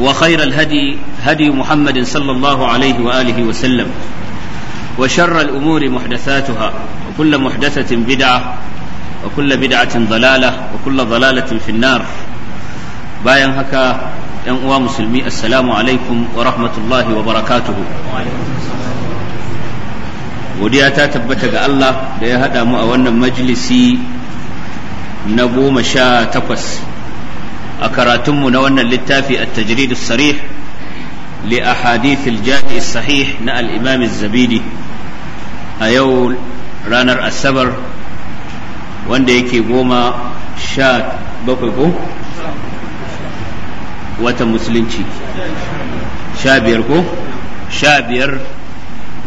وخير الهدي هدي محمد صلى الله عليه واله وسلم وشر الامور محدثاتها وكل محدثه بدعه وكل بدعه ضلاله وكل ضلاله في النار bayan haka yan uwa musulmi assalamu alaikum wa rahmatullahi wa barakatuhu godiya ta tabbata ga Allah da ya haɗa mu a wannan majlisi na goma sha takwas a karatunmu na wannan littafi a tajridu sarih li ahadith al-jami' sahih na al-imam az-zabidi a yau ranar asabar wanda yake goma sha bakwai ko watan musulunci sha biyar ko sha biyar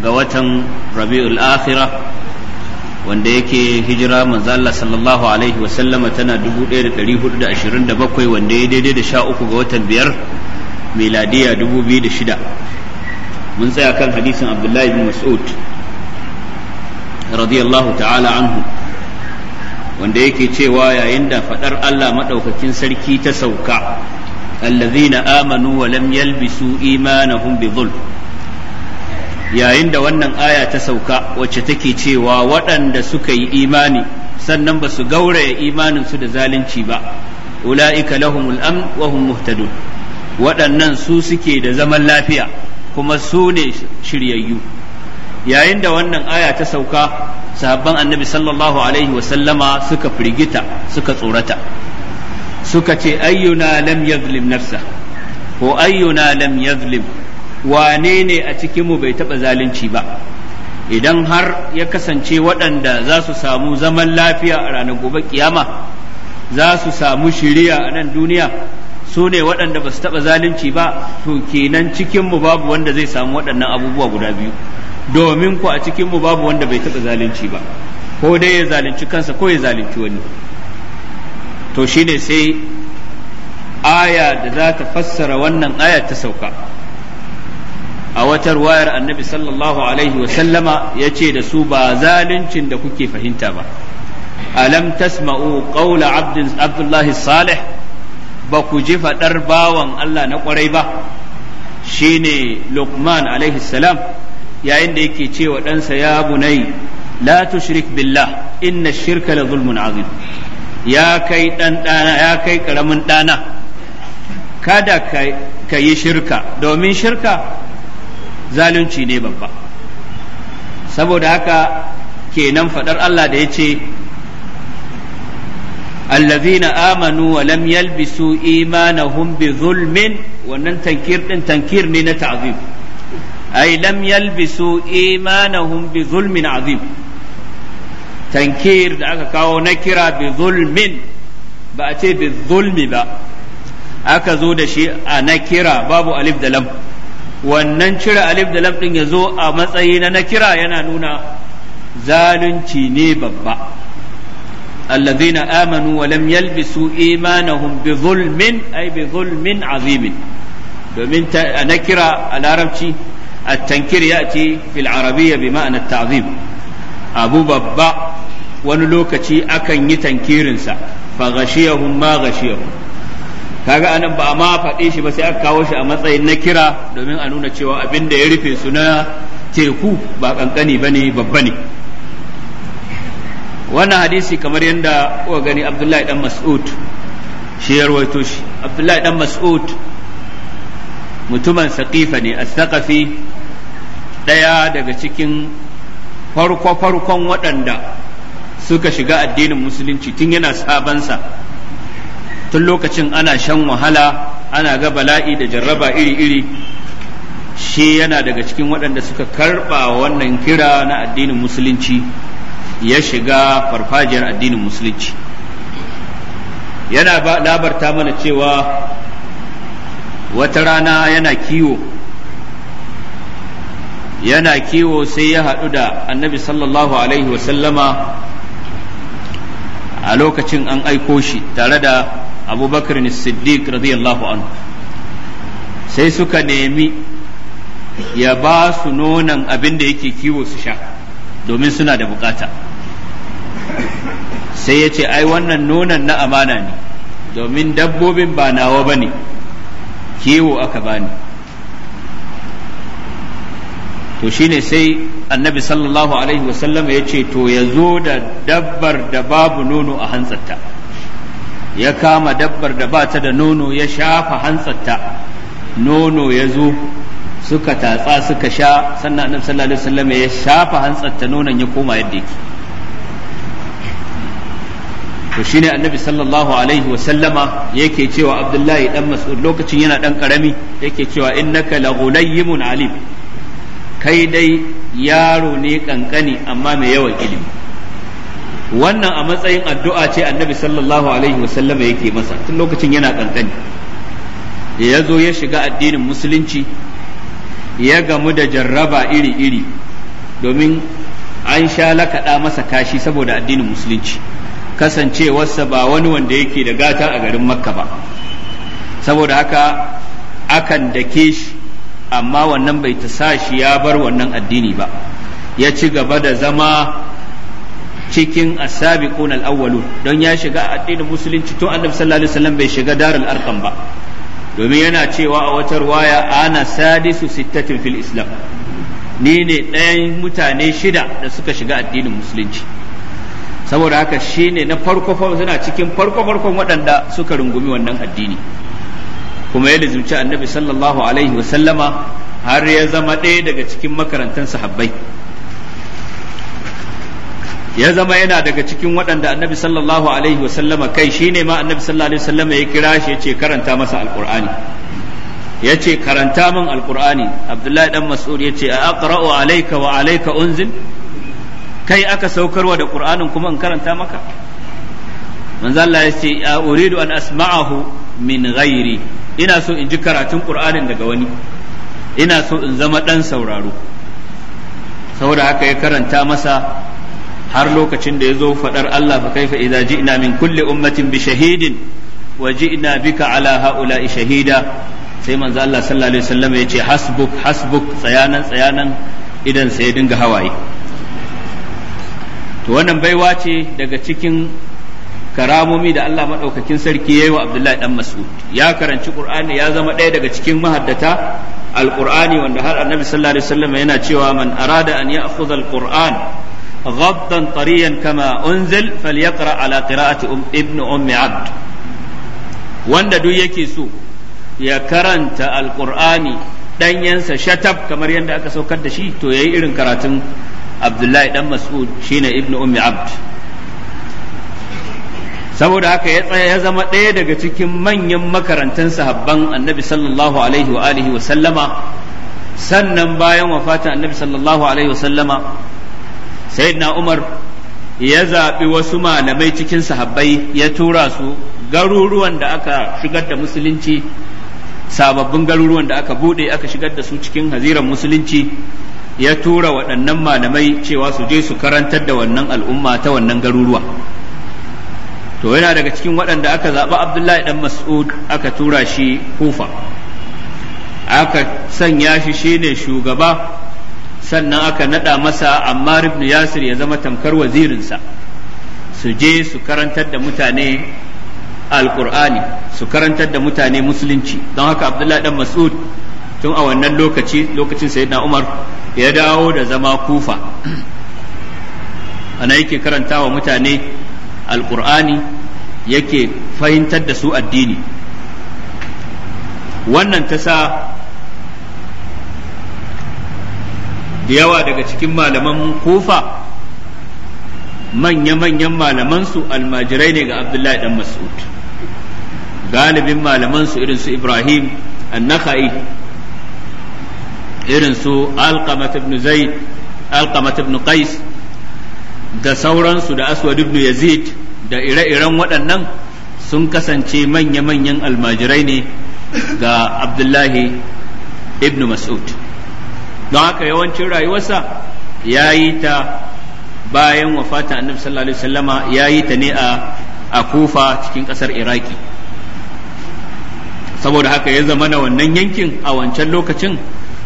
ga watan rabi'ul akhirah wanda yake hijira manzo sallallahu alaihi wa sallama tana 1427 wanda ya daidai da sha uku ga watan biyar miladiya 2006 mun tsaya kan hadisin Abdullahi bin Mas'ud radiyallahu ta'ala anhu wanda yake cewa yayin da fadar Allah maɗaukakin sarki ta sauka allazina amanu wa lam yalbisu imanahum bi dhulm yayin da wannan aya ta sauka wacce take cewa waɗanda suka yi imani sannan ba su gauraya imaninsu da zalunci ba ula'ika lahumul amn wa hum muhtadun waɗannan su suke da zaman lafiya kuma su ne shiryayyu yayin da wannan aya ta sauka sahabban annabi sallallahu alaihi sallama suka firgita suka tsorata suka ce ayyuna lam yazlim nafsa ko ayyuna lam yazlim wane ne a cikinmu bai taɓa zalunci ba idan har ya kasance waɗanda za su samu zaman lafiya a ranar gobe kiyama za su samu shiriya a nan duniya su ne waɗanda ba su taɓa zalunci ba to kenan cikinmu babu wanda zai samu waɗannan abubuwa guda biyu domin ku a cikinmu babu wanda bai taɓa zalunci ba ko dai ya zalunci kansa ko ya zalunci wani to shine sai aya da za ta fassara wannan aya ta sauka a wata ruwayar annabi sallallahu alaihi wa sallama ya ce da su ba zaluncin da kuke fahimta ba alam tasma'u qawla abdin abdullahi salih ba ku ji faɗar bawan Allah na ƙwarai ba shine luqman alaihi salam yayin da yake cewa ɗansa ya bunai la tushrik billah inna shirka la zulmun azim ya kai ɗan ɗana ya kai ƙaramin ɗana kada ka yi shirka domin shirka zalunci ne babba saboda haka kenan fadar Allah da ya ce allazina amanu wa lam yalbisu imanahum bi zulmin wannan tankir din tankir ne na ta'zim ay lam yalbisu imanahum bi zulmin azim tankir da aka kawo na kira bi zulmin ba a ce bi zulmi ba aka zo da shi a na kira babu alif da lam wannan cire alif da lam din ya zo a matsayi na nakira yana nuna zalunci ne babba allazina amanu wa lam yalbisu imanahum bi zulmin ay bi zulmin azim domin nakira a larabci a tankir ce fil arabiya bi ma'ana at-ta'zim abu babba wani lokaci akan yi tankirinsa fa ghashiyahum ma ghashiyahum kaga anan ba ma faɗe shi ba sai aka kawo shi a matsayin na kira domin a nuna cewa abin da ya rufe su na teku ba kankani bane babba ne wannan hadisi kamar yadda kuka gani abdullahi dan mas'ud shi ya rawaito shi abdullahi dan mas'ud mutumin saqifa ne as-saqafi daya daga cikin farko farkon waɗanda suka shiga addinin musulunci tun yana sabansa tun lokacin ana shan wahala ana ga bala'i da jarraba iri-iri shi yana daga cikin waɗanda suka karɓa wannan kira na addinin musulunci ya shiga farfajiyar addinin musulunci yana labarta mana cewa wata rana yana kiwo yana kiwo sai ya haɗu da annabi sallallahu alaihi wasallama a lokacin an aiko shi tare da abubakar siddiq radiyallahu anhu sai suka nemi ya ba su nonon abin da yake kiwo su sha domin suna da bukata sai ya ce ai wannan nonon na amana ne domin dabbobin ba nawa ba ne kiwo aka bani to shine sai annabi sallallahu alaihi wasallam ya ce to ya zo da dabbar da babu nono a hantsarta ya kama dabbar da ba ta da nono ya shafa hantsarta nono ya zo suka tatsa suka sha sannan annabi sallallahu alaihi wasallam ya shafa hantsarta nonon ya koma yadda yake to shine annabi sallallahu alaihi wasallama yake cewa abdullahi dan mas'ud lokacin yana dan karami yake cewa innaka la alim kai dai yaro ne kankani amma mai yawan ilimi wannan a matsayin addu'a ce annabi sallallahu alaihi wasallama yake masa tun lokacin yana kankani ya zo ya shiga addinin musulunci ya gamu da jarraba iri-iri domin an sha lakaɗa masa kashi saboda addinin musulunci kasancewarsa ba wani wanda yake da gata a garin makka ba saboda haka akan dake shi amma wannan bai ta sa shi ya bar wannan addini ba ya ci gaba da zama cikin as-sabiqun al don ya shiga addinin musulunci to annabi sallallahu alaihi wasallam bai shiga darul arqam ba domin yana cewa a wata ruwaya ana sadisu sittatin fil islam ni ne ɗayan mutane shida da suka shiga addinin musulunci saboda haka shine na farko suna cikin farko farkon waɗanda suka rungumi wannan addini kuma ya lizumci annabi sallallahu alaihi wasallama har ya zama ɗaya daga cikin makarantan sahabbai ya zama yana daga cikin waɗanda annabi sallallahu alaihi wasallama kai shine ma annabi sallallahu alaihi wasallama ya kira shi ya ce karanta masa alƙur'ani. ya ce karanta min alƙur'ani abdullahi dan mas'ud ya ce a aqra'u alaika wa alaika unzil kai aka saukarwa da qur'anin kuma in karanta maka manzo Allah ya ce a uridu an asma'ahu min ghairi ina so in ji karatun ƙur'anin daga wani ina so in zama ɗan sauraro saboda haka ya karanta masa har lokacin da ya zo faɗar Allah fa kaifa idza ji'na min kulli ummatin bi shahidin wa ji'na bika ala haula'i shahida sai manzo Allah sallallahu alaihi wasallam ya ce hasbuk hasbuk tsayanan tsayanan idan sai ya dinga hawaye to wannan baiwa ce daga cikin karamomi da Allah maɗaukakin sarki ya yi wa Abdullahi ɗan Mas'ud ya karanci Qur'ani ya zama ɗaya daga cikin mahaddata al-Qur'ani wanda har Annabi sallallahu alaihi wasallam yana cewa man arada an ya'khudha al-Qur'an Rabdan طريا كما أنزل فليقرأ على قراءة أم ابن أم wanda duk yake so ya karanta Alƙur'ani ɗanyensa shatab kamar yadda aka saukar da shi to yayi irin karatun abdullahi dan mas'ud shine ibn ummi abd saboda haka ya tsaya ya zama ɗaya daga cikin manyan makarantan sahabban annabi sallallahu alaihi wa alihi wa sallama sannan bayan wafatin annabi sallallahu alaihi wa sallama sayyidina umar ya zaɓi wasu malamai cikin sahabbai ya tura su garuruwan da aka shigar da musulunci sababbin garuruwan da aka buɗe aka shigar da su cikin haziran musulunci ya tura waɗannan malamai cewa su je su karantar da wannan al'umma ta wannan garuruwa to yana daga cikin waɗanda aka zaɓi abdullahi Dan mas'ud aka tura shi kufa aka sanya shi shine shugaba sannan aka nada masa ammar ibn yasir ya zama tamkar wazirinsa su je su karantar da mutane alkur'ani su karantar da mutane musulunci don haka abdullah dan mas'ud tun a wannan lokaci lokacin sayyidina umar ya dawo da zama kufa ana yake karanta wa mutane alkur'ani yake fahimtar da su addini wannan ta sa da yawa daga cikin malaman kufa manya-manyan malamansu almajirai ne ga abdullahi dan mas'ud galibin malamansu irin su ibrahim annaka'i irin su alqamat ibn zaid alqamat ibn qais da sauransu da aswad ibn yazid da ire-iren waɗannan sun kasance manya-manyan almajirai ne ga abdullahi ibn mas'ud don haka yawancin rayuwarsa ya yi ta bayan wafata annabi sallallahu alaihi wasallama ya yi ta ne a kufa cikin ƙasar iraki saboda haka ya zama na wannan yankin a wancan lokacin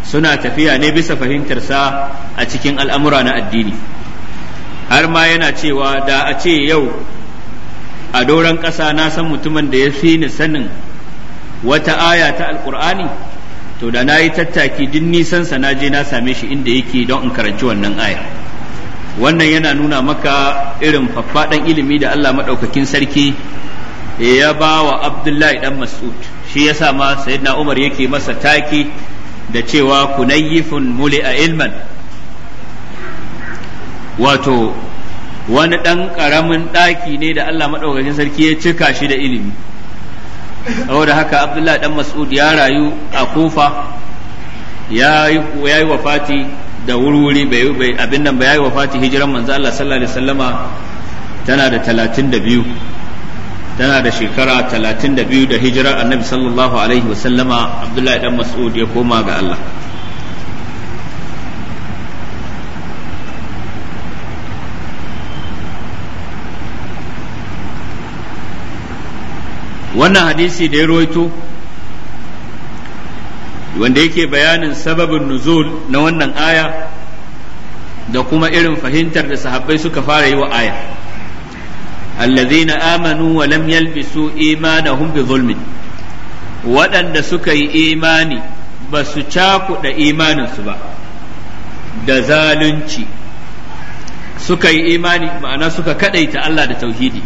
suna tafiya ne bisa fahimtarsa a cikin al'amura na addini har ma yana cewa da a ce yau a doron ƙasa na san mutumin da ya fi ni sanin wata aya ta alƙur'ani to da na yi tattaki duk nisan sa na je na same shi inda yake don in karanci wannan aya wannan yana nuna maka irin faffaɗan ilimi da Allah maɗaukakin sarki ya ba wa Abdullahi dan Mas'ud shi yasa ma sayyidina Umar yake masa taki da cewa kunayyifun muli'a ilman wato wani ɗan ƙaramin ɗaki ne da Allah maɗaukakin sarki ya cika shi da ilimi saboda haka abdullah dan mas'ud ya rayu a kufa ya yi wafati da wurwuri abin nan ba ya yi wafati hijiran manzo Allah sallallahu alaihi wasallama tana da talatin da biyu. tana da shekara talatin da biyu da hijirar annabi sallallahu alaihi wasallama Abdullahi dan mas'ud ya koma ga Allah wannan hadisi da ya ruwaito wanda yake bayanin sababin nuzul na wannan aya da kuma irin fahimtar da sahabbai suka fara yi wa aya wa آمنوا ولم يلبسوا إيمانهم بظلم waɗanda suka yi imani ba su cakuɗa imaninsu ba da zalunci suka yi imani ma'ana suka kaɗaita Allah da tauhidi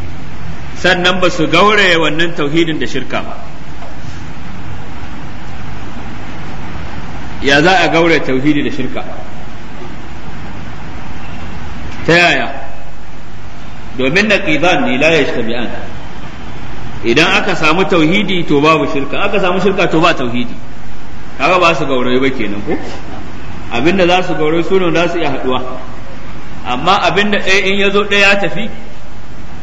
sannan ba su gauraya wannan tauhidin da shirka ba ya za a gauraya tauhidi da shirka ta yaya domin na ne la yashtabi'an idan aka samu tauhidi to babu shirka aka samu shirka to ba tauhidi kaga ba su gaurai ba kenan ko abinda za su gaurai su za su iya haduwa amma abinda ɗaya in ya zo ɗaya ya tafi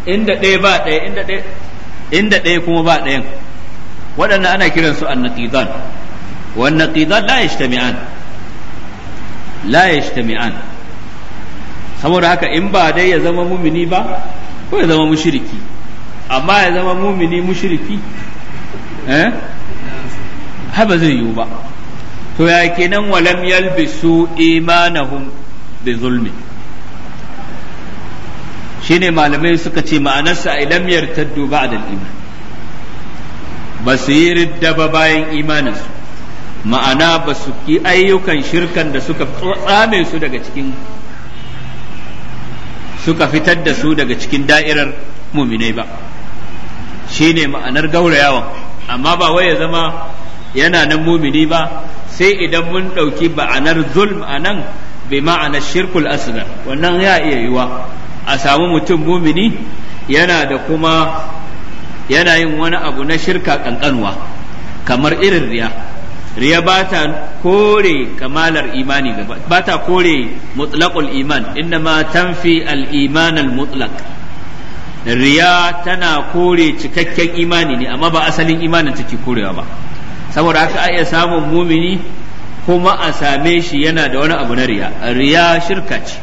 inda ɗaya ba ɗaya inda ɗaya ɗaya kuma ba ɗayan waɗannan ana kiran su annaqidan wannan naqidan la yajtami'an la yajtami'an saboda haka in ba dai ya zama mumini ba ko ya zama mushriki amma ya zama mumini mushriki eh haba zai yiwu ba to ya kenan walam yalbisu imanahum bi zulmi shine malamai suka ce ma'anarsa a ilam yartaddu duba a iman ba su yi ridda ba bayan imaninsu ma'ana ba su ki ayyukan shirkan da suka tsame su daga cikin suka fitar da su daga cikin da'irar muminai ba shine ma'anar gaurayawan amma ba wai ya zama yana nan mumini ba sai idan mun ɗauki ba'anar zulm a nan bi ma'anar shirkul asgar wannan ya iya yiwa a samu mutum mumini yana da kuma yana yin wani abu na shirka kankanuwa kamar irin riya riya ba ta kore kamalar imani gaba ba ta kore mutlaƙul iman inda tanfi al al mutlaq riya tana kore cikakken imani ne amma ba asalin imanin take korewa ba saboda haka a iya samun mumini kuma a same shi yana da wani abu na riya riya shirka ce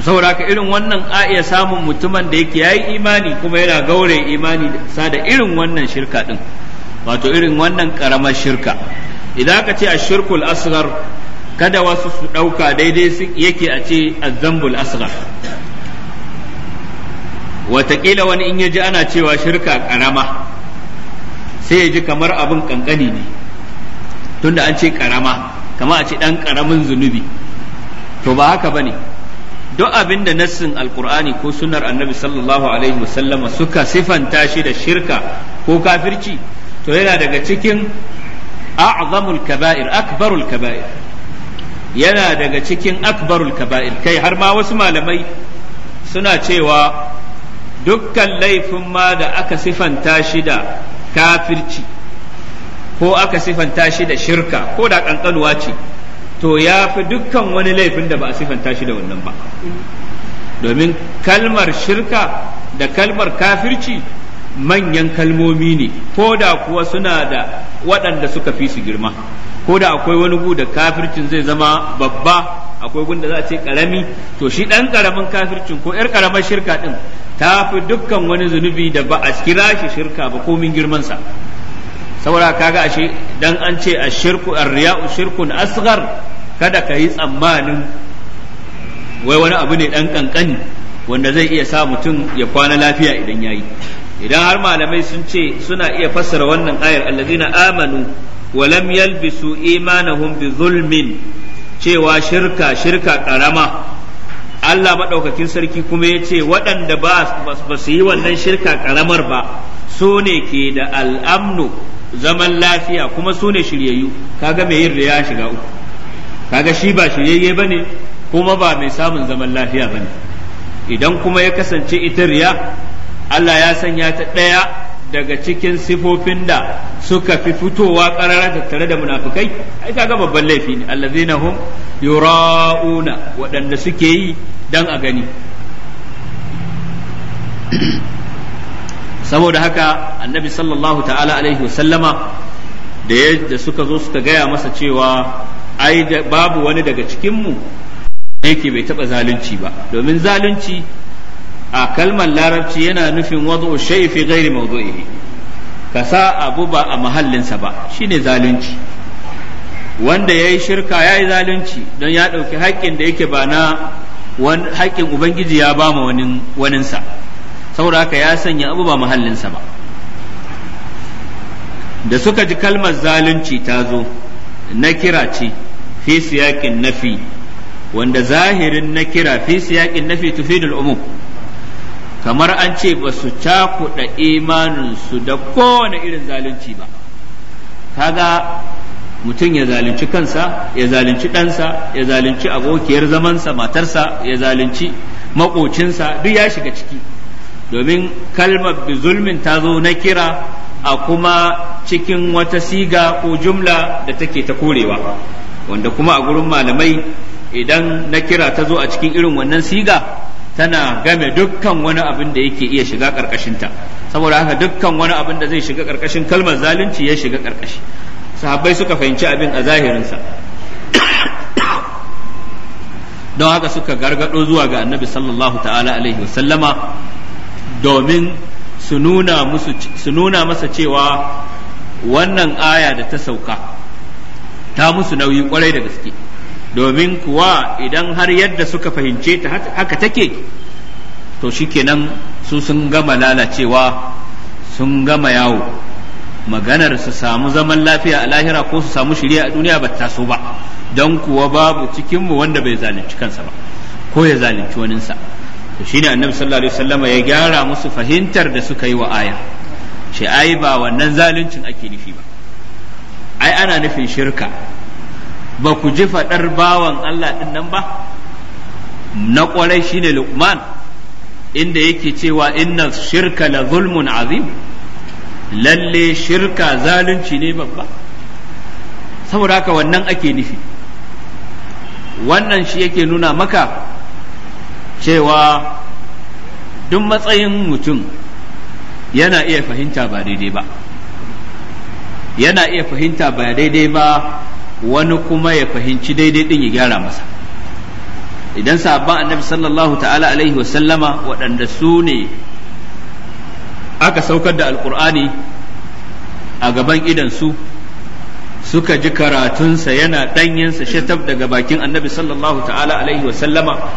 saboda ka irin wannan a iya samun mutumin da yake yayi imani kuma yana gaure imani sa da irin wannan shirka din wato irin wannan karamar shirka idan ka ce a shirkul asghar kada wasu su ɗauka daidai su yake a ce zambul asghar watakila wani in ya ji ana cewa shirka karama sai yaji kamar abin kankani ne tunda an ce karama kamar a ce ɗan karamin zunubi to ba haka ba ne duk abin da nassin alkur'ani ko sunar annabi sallallahu alaihi wasallama suka sifanta shi da shirka ko kafirci to yana daga cikin a'zamul kaba'ir akbarul kaba'ir yana daga cikin akbarul kaba'ir kai har ma wasu malamai suna cewa dukkan laifin ma da aka sifanta shi da kafirci ko aka sifanta shi da shirka ko da kankanuwa ce to ya fi dukkan wani laifin da ba a sifanta shi da wannan ba domin kalmar shirka da kalmar kafirci manyan kalmomi ne ko da kuwa suna da waɗanda suka fi su girma ko da akwai wani gu da kafircin zai zama babba akwai gunda za a ce karami to shi ɗan karamin kafircin ko 'yar karamar shirka ɗin ta fi dukkan wani zunubi da ba a kira shi shirka ba komin girmansa saboda kaga ashe dan an ce ashirku arriya'u shirkun asghar kada ka yi tsammanin wai wani abu ne dan kankani wanda zai iya sa mutum ya kwana lafiya idan yayi idan har malamai sun ce suna iya fassara wannan ayar allazina amanu wa lam yalbisu imanahum bi zulmin cewa shirka shirka karama Allah maɗaukakin sarki kuma ya ce waɗanda ba su yi wannan shirka karamar ba su ne ke da al'amnu zaman lafiya kuma su ne shiryayyu kaga mai yin riya shiga uku kaga shi ba shiryayye bane kuma ba mai samun zaman lafiya bane idan kuma ya kasance ita riya Allah ya sanya ta ɗaya daga cikin sifofin da suka fi fitowa ƙarara tattare da munafukai ai kaga babban laifi ne allazina hum yura'una waɗanda suke yi dan a gani saboda haka annabi sallallahu ta'ala alaihi wasallama da yadda suka zo suka gaya masa cewa ai babu wani daga cikinmu yake bai taɓa zalunci ba domin zalunci a kalmar larabci yana nufin wadu shai fi gairi mawdu'ihi Kasa abu ba a mahallinsa ba shine zalunci wanda yayi shirka yayi zalunci don ya ɗauki haƙƙin da yake ba na haƙƙin ubangiji ya ba ma waninsa saboda haka ya sanya abu ba muhallinsa ba da suka ji kalmar zalunci ta zo na kira ce fi siyakin nafi wanda zahirin na kira fi siyakin nafi tufidul umum kamar an ce ba su cakuɗa imaninsu da kowane irin zalunci ba kaga mutum ya zalunci kansa ya zalunci ɗansa ya zalunci abokiyar zamansa matarsa ya zalunci maƙocinsa duk ya shiga ciki domin kalmar bi zulmin ta zo na kira a kuma cikin wata siga ko jumla da take ta korewa wanda kuma a gurin malamai idan na kira ta zo a cikin irin wannan siga tana game dukkan wani abin da yake iya shiga ƙarƙashinta saboda haka dukkan wani abin da zai shiga ƙarƙashin kalmar zalunci ya shiga ƙarƙashi sahabbai suka fahimci abin a zahirinsa don haka suka gargado zuwa ga annabi sallallahu ta'ala alaihi wasallama domin su nuna masa cewa wannan aya da ta sauka ta musu nauyi kwarai da gaske domin kuwa idan har yadda suka fahimce ta haka take to shikenan su sun gama lalacewa sun gama yawo maganar su samu zaman lafiya a lahira ko su samu shirya a duniya ba so ba don kuwa babu cikinmu wanda bai zalunci kansa ba ko ya zalunci waninsa to shine annabi sallallahu alaihi wasallama ya gyara musu fahimtar da suka yi wa aya shi ai ba wannan zaluncin ake nufi ba ai ana nufin shirka ba ku ji faɗar bawan Allah ɗin nan ba na ƙwarai shine Luqman inda yake cewa inna shirka la zulmun azim lalle shirka zalunci ne babba saboda haka wannan ake nufi wannan shi yake nuna maka cewa duk matsayin mutum yana iya fahimta ba daidai ba yana iya fahimta ba daidai ba wani kuma ya fahimci daidai din ya gyara masa idan sabon annabi sallallahu ta'ala alaihi sallama waɗanda su ne aka saukar da alkur'ani a gaban idansu suka ji karatunsa yana ɗanyensa shatab daga bakin annabi sallallahu ta'ala alaihi sallama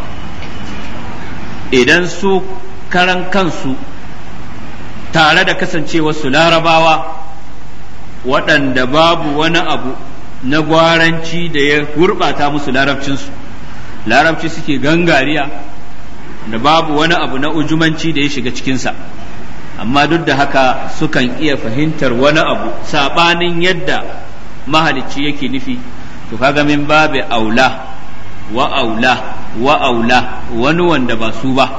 idan su karan kansu tare da kasancewarsu larabawa waɗanda babu wani abu na gwaranci da ya gurɓata musu larabcinsu larabci suke gangariya da babu wani abu na ujumanci da ya shiga cikinsa amma duk da haka sukan iya fahimtar wani abu saɓanin yadda mahalicci yake nufi to kaga min babu aula wa aula wa aula wani wanda ba su ba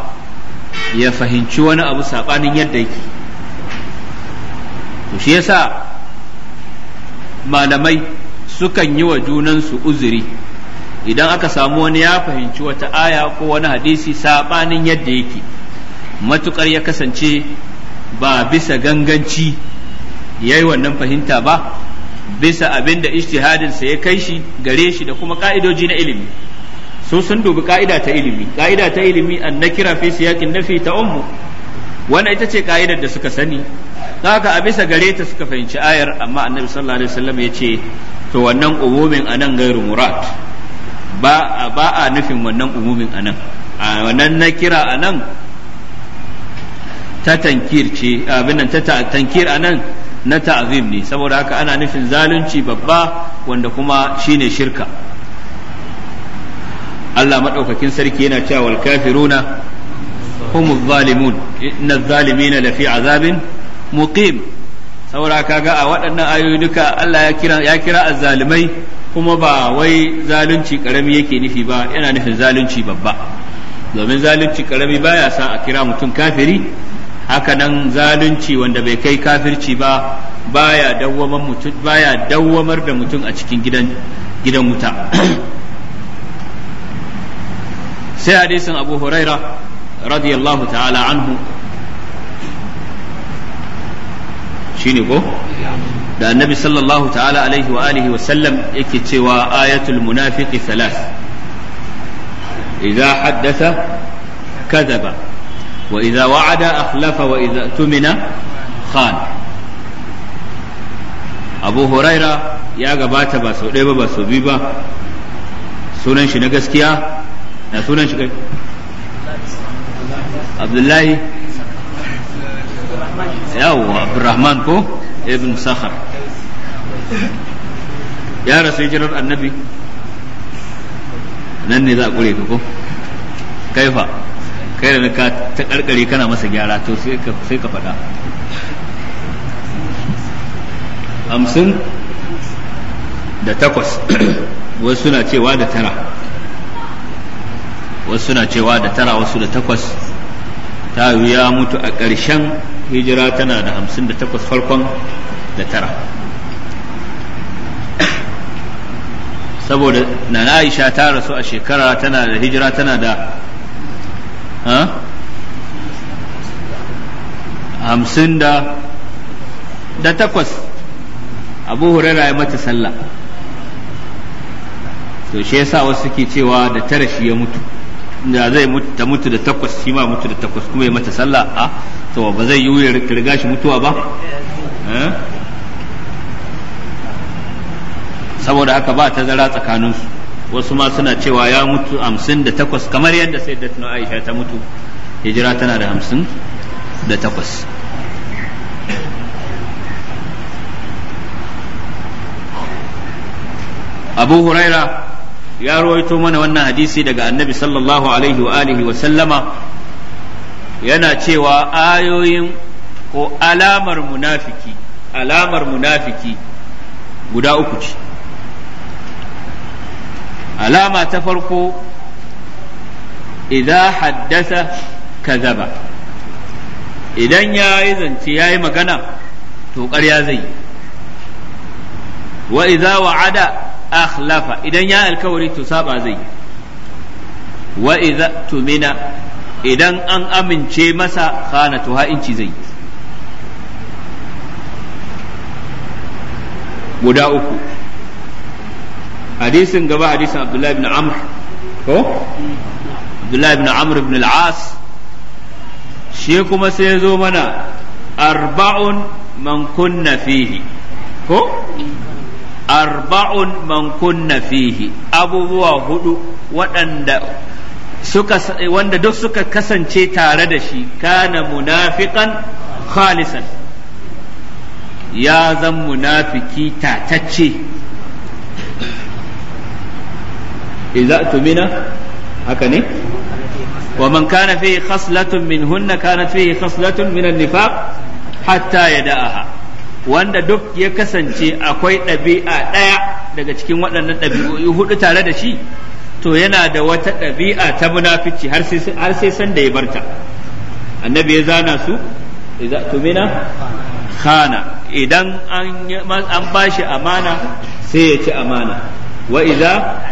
ya fahimci wani abu saɓanin yadda yake to shi yasa malamai sukan yi wa junansu uzuri idan aka samu wani ya fahimci wata aya ko wani hadisi saɓanin yadda yake matukar ya kasance ba bisa ganganci ya yi wannan fahimta ba bisa abin da ijtihadinsa ya kai shi gare shi da kuma ka'idoji na ilimi su sun dubi ka'ida ta ilimi ka'ida ta ilimi an nakira fi siyaqin nafi ta ummu wannan ita ce ka'idar da suka sani haka a bisa gare ta suka fahimci ayar amma annabi sallallahu alaihi wasallam ya ce to wannan umumin anan gairu murad ba ba a nufin wannan umumin anan a wannan nakira anan ta tankir ce abin nan ta tankir anan na ta'zim ne saboda haka ana nufin zalunci babba wanda kuma shine shirka Allah madaukakin sarki yana cewa wal kafiruna humuz zalimun innaz zalimina lafi azabin muqim saura kaga a waɗannan ayoyi duka Allah ya kira ya kira azzalimai kuma ba wai zalunci karami yake nufi ba yana nufin zalunci babba domin zalunci karami baya sa a kira mutum kafiri hakanan zalunci wanda bai kai kafirci ba baya dawwamar mutum baya dawwamar da mutum a cikin gidan gidan wuta sai hadisin abu huraira radiyallahu ta'ala anhu shine ko annabi sallallahu ta'ala alaihi wa alihi wa sallam yake cewa ayatul munafiqi thalath idza haddatha kadhaba wa idza wa'ada akhlafa tumina khan abu huraira ya gabata ba sau ɗaya ba biyu ba sunan shi na gaskiya na sunan shi kai abdullahi yawo abdurrahman ko ibn sakhar ya rasu hijirar annabi nan ne za a kure ka ko kaifa kai da ka ta karkare kana masa gyara to sai ka faɗa hamsin da takwas wasu suna cewa da tara wasu na cewa da tara wasu da takwas ta ya mutu a ƙarshen hijira tana da hamsin da takwas farkon da tara saboda na aisha ta rasu a shekara tana da hijira tana da hamsin da da takwas abu huraira ya mata sallah to shi yasa wasu suke cewa da tara shi ya mutu da zai ta mutu da takwas shi ma mutu da takwas kuma ya mata sallah a to ba zai yi ya riga shi mutuwa ba eh? saboda haka ba tsakanin tsakaninsu wasu ma suna cewa ya mutu hamsin da takwas kamar yadda sai da tuna aisha ta mutu hijira tana da hamsin da takwas abu huraira ya rawaito mana wannan hadisi daga annabi sallallahu alaihi wa alihi wa sallama yana cewa ayoyin ko alamar munafiki alamar munafiki guda uku ce alama ta farko idan haddasa kazaba idan ya yi zance ya yi magana to ƙarya zai wa idan wa'ada akhlafa idan ya alkawari to saba zai wa idza tumina idan an amince masa khana to ha'inci zai guda uku hadisin gaba hadisin abdullahi ibn amr ko abdullahi ibn amr ibn al-as shi kuma sai ya zo mana arba'un man kunna fihi ko arba'un man kunna fihi abubuwa hudu waɗanda suka wanda duk suka kasance tare da shi kana munafiqan khalisan ya zan munafiki tatacce idza tumina haka ne ومن كان فيه خصلة منهن كانت فيه خصلة من النفاق حتى يدعها wanda duk ya kasance akwai ɗabi'a ɗaya daga cikin waɗannan ɗabi'o'i hudu tare da shi to yana da wata ɗabi'a ta munafici har sai san da ya barta annabi ya zana su idza tumina khana idan an bashi amana sai ya ci amana wa idza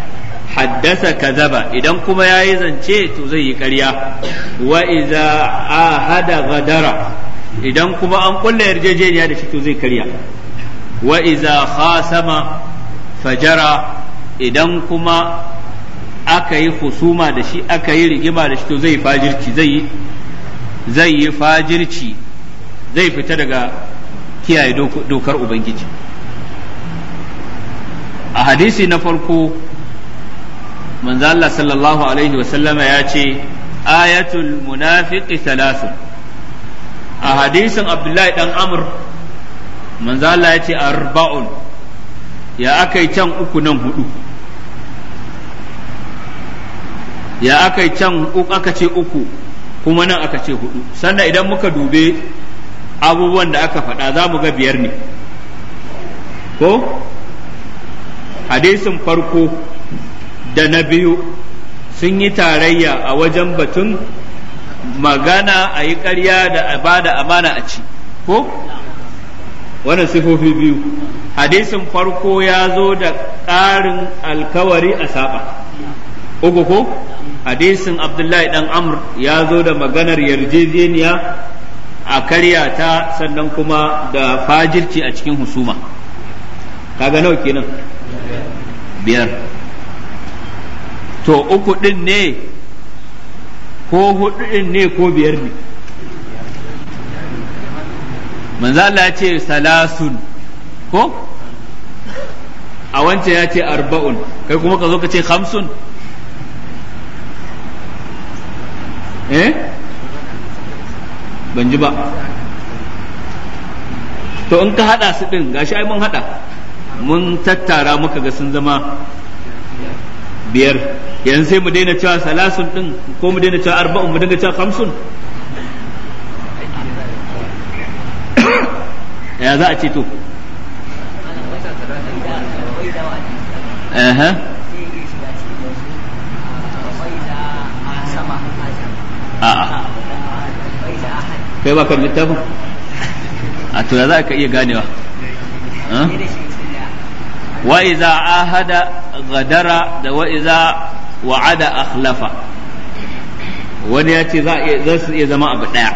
haddasa kazaba idan kuma yayi zance to zai yi ƙarya wa idza ahada ghadara idan kuma an ƙulla yarjejeniya da shi to zai karya wa iza khasama fajara idan kuma aka yi husuma da shi aka yi rigima da shi to zai fajirci zai yi zai yi fajirci zai fita daga kiyaye dokar ubangiji a hadisi na farko manzo Allah sallallahu alaihi wa sallama ya ce ayatul munafiqi thalathah a hadisin abdullahi dan amr manzo Allah ya ce arba'un ya akai can uku nan hudu ya akai can uku aka ce uku kuma nan aka ce hudu sannan idan muka dube abubuwan da aka faɗa za mu ga biyar ne ko hadisin farko da na biyu sun yi tarayya a wajen batun magana a yi ƙarya da a ba da amana a ci ko wannan sifofi biyu hadisin farko ya zo da ƙarin alkawari a saba uku ko hadisin abdullahi dan amr ya zo da maganar yarjejeniya a karya ta sannan kuma da fajirci a cikin husuma kaga nawa kenan biyar to uku din ne ko hudu ne ko biyar ne manzo Allah ya ce salasun ko a wancan ya ce arba'un kai kuma ka zo ka ce hamsun eh ban ji ba to in ka hada su din gashi ai mun hada mun tattara muka ga sun zama biyar yanzu sai mu daina cewa salasun din ko mu daina cewa arba'un mu daina cewa hamsun ya za a ce to aha a'a kai ba kan littafin a to ya za ka iya ganewa wa iza ahada غدر da wa iza wa'ada akhlafa wani ya ce za su iya zama abu ɗaya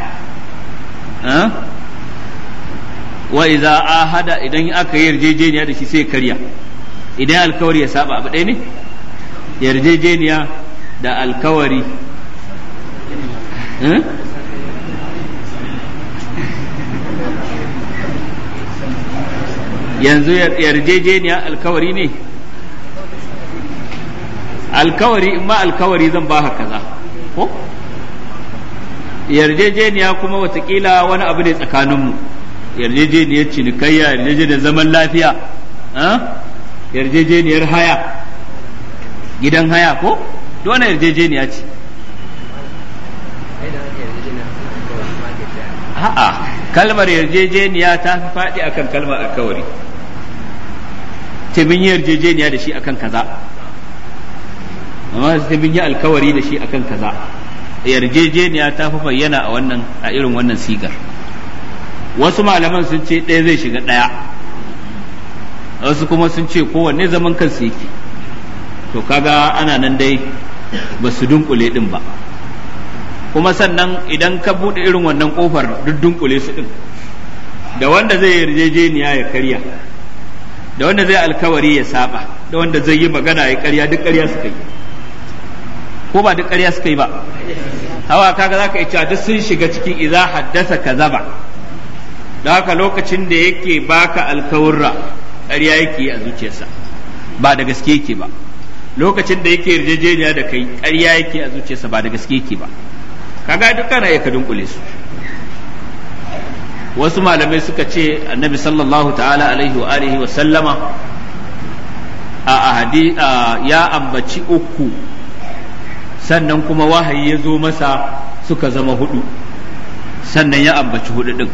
wa iza idan aka yi yarjejeniya da shi sai karya idan alkawari ya saba abu ɗaya yarjejeniya da yanzu yarjejeniya alkawari ne alkawari in ma alkawari zan baka kaza ko yarjejeniya kuma watakila wani abu ne tsakaninmu yarjejeniyar cinikayya yarjejeniyar zaman lafiya yarjejeniyar haya gidan haya ko dole yarjejeniya ce a'a kalmar yarjejeniya ta fi faɗi akan kalmar alkawari ce yarjejeniya da shi akan kaza amma sai bin yi alkawari da shi akan kaza yarjejeniya ta fi bayyana a wannan a irin wannan sigar wasu malaman sun ce ɗaya zai shiga ɗaya wasu kuma sun ce kowanne zaman kansu yake to kaga ana nan dai ba su dunkule ɗin ba kuma sannan idan ka buɗe irin wannan ƙofar duk dunkule su ɗin da wanda zai yarjejeniya ya karya da wanda zai alkawari ya saba da wanda zai yi magana ya karya duk karya su kai ko ba duk ƙarya suka yi ba hawa kaga zaka iya cewa duk sun shiga cikin idza haddasa zaba da haka lokacin da yake baka alkawurra ƙarya yake yi a zuciyarsa ba da gaske yake ba lokacin da yake yarjejeniya da kai ƙarya yake a zuciyarsa ba da gaske yake ba kaga duk kana iya ka dunkule su wasu malamai suka ce annabi sallallahu ta'ala alaihi wa alihi wa sallama a ya ambaci uku sannan kuma wahayi ya zo masa suka zama hudu sannan ya ambaci hudu din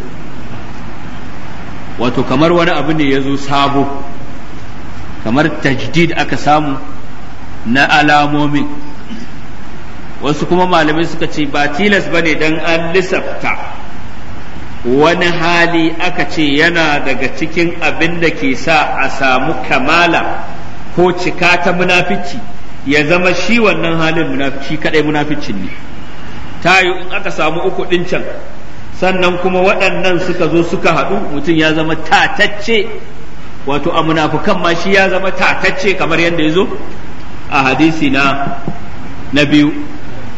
wato kamar wani abu ne ya zo sabo kamar tajdid aka samu na alamomin wasu kuma malamai suka ce ba tilas ba ne don an lissafta wani hali aka ce yana daga cikin abin da ke sa a samu kamala ko cika ta munafici ya zama shi wannan halin munafici kadai munaficin ne ta yi in aka samu uku din can sannan kuma waɗannan suka zo suka haɗu mutum ya zama tatacce wato a munafukan ma shi ya zama tatacce kamar yadda ya zo a hadisi na na biyu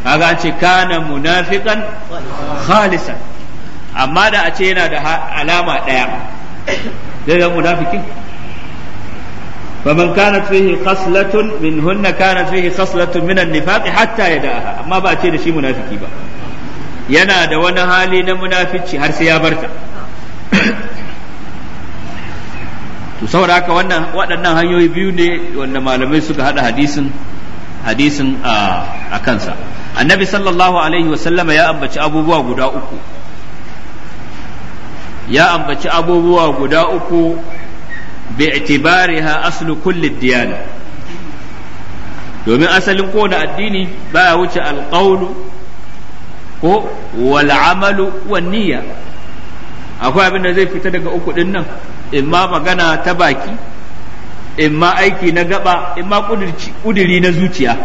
kaga ce kana munafiqan khalisan amma da a ce yana da alama ɗaya zai zama munafikin faman kanat fihi khaslatun minhunna kanat fihi khaslatun minan nifaqi hatta yadaha amma ba a ce da shi munafiki ba yana da wani hali na munafici har sai ya barta to saboda haka wannan waɗannan hanyoyi biyu ne wanda malamai suka haɗa hadisin hadisin a kansa annabi sallallahu alaihi wasallama ya ambaci abubuwa guda uku ya ambaci abubuwa guda uku bi'tibariha aslu kulli diyana domin asalin kowane addini baya wuce alƙaulu ko wal amalu wan niyya akwai abin da zai fita daga uku din nan imma magana ta baki imma aiki na gaba imma kudiri na zuciya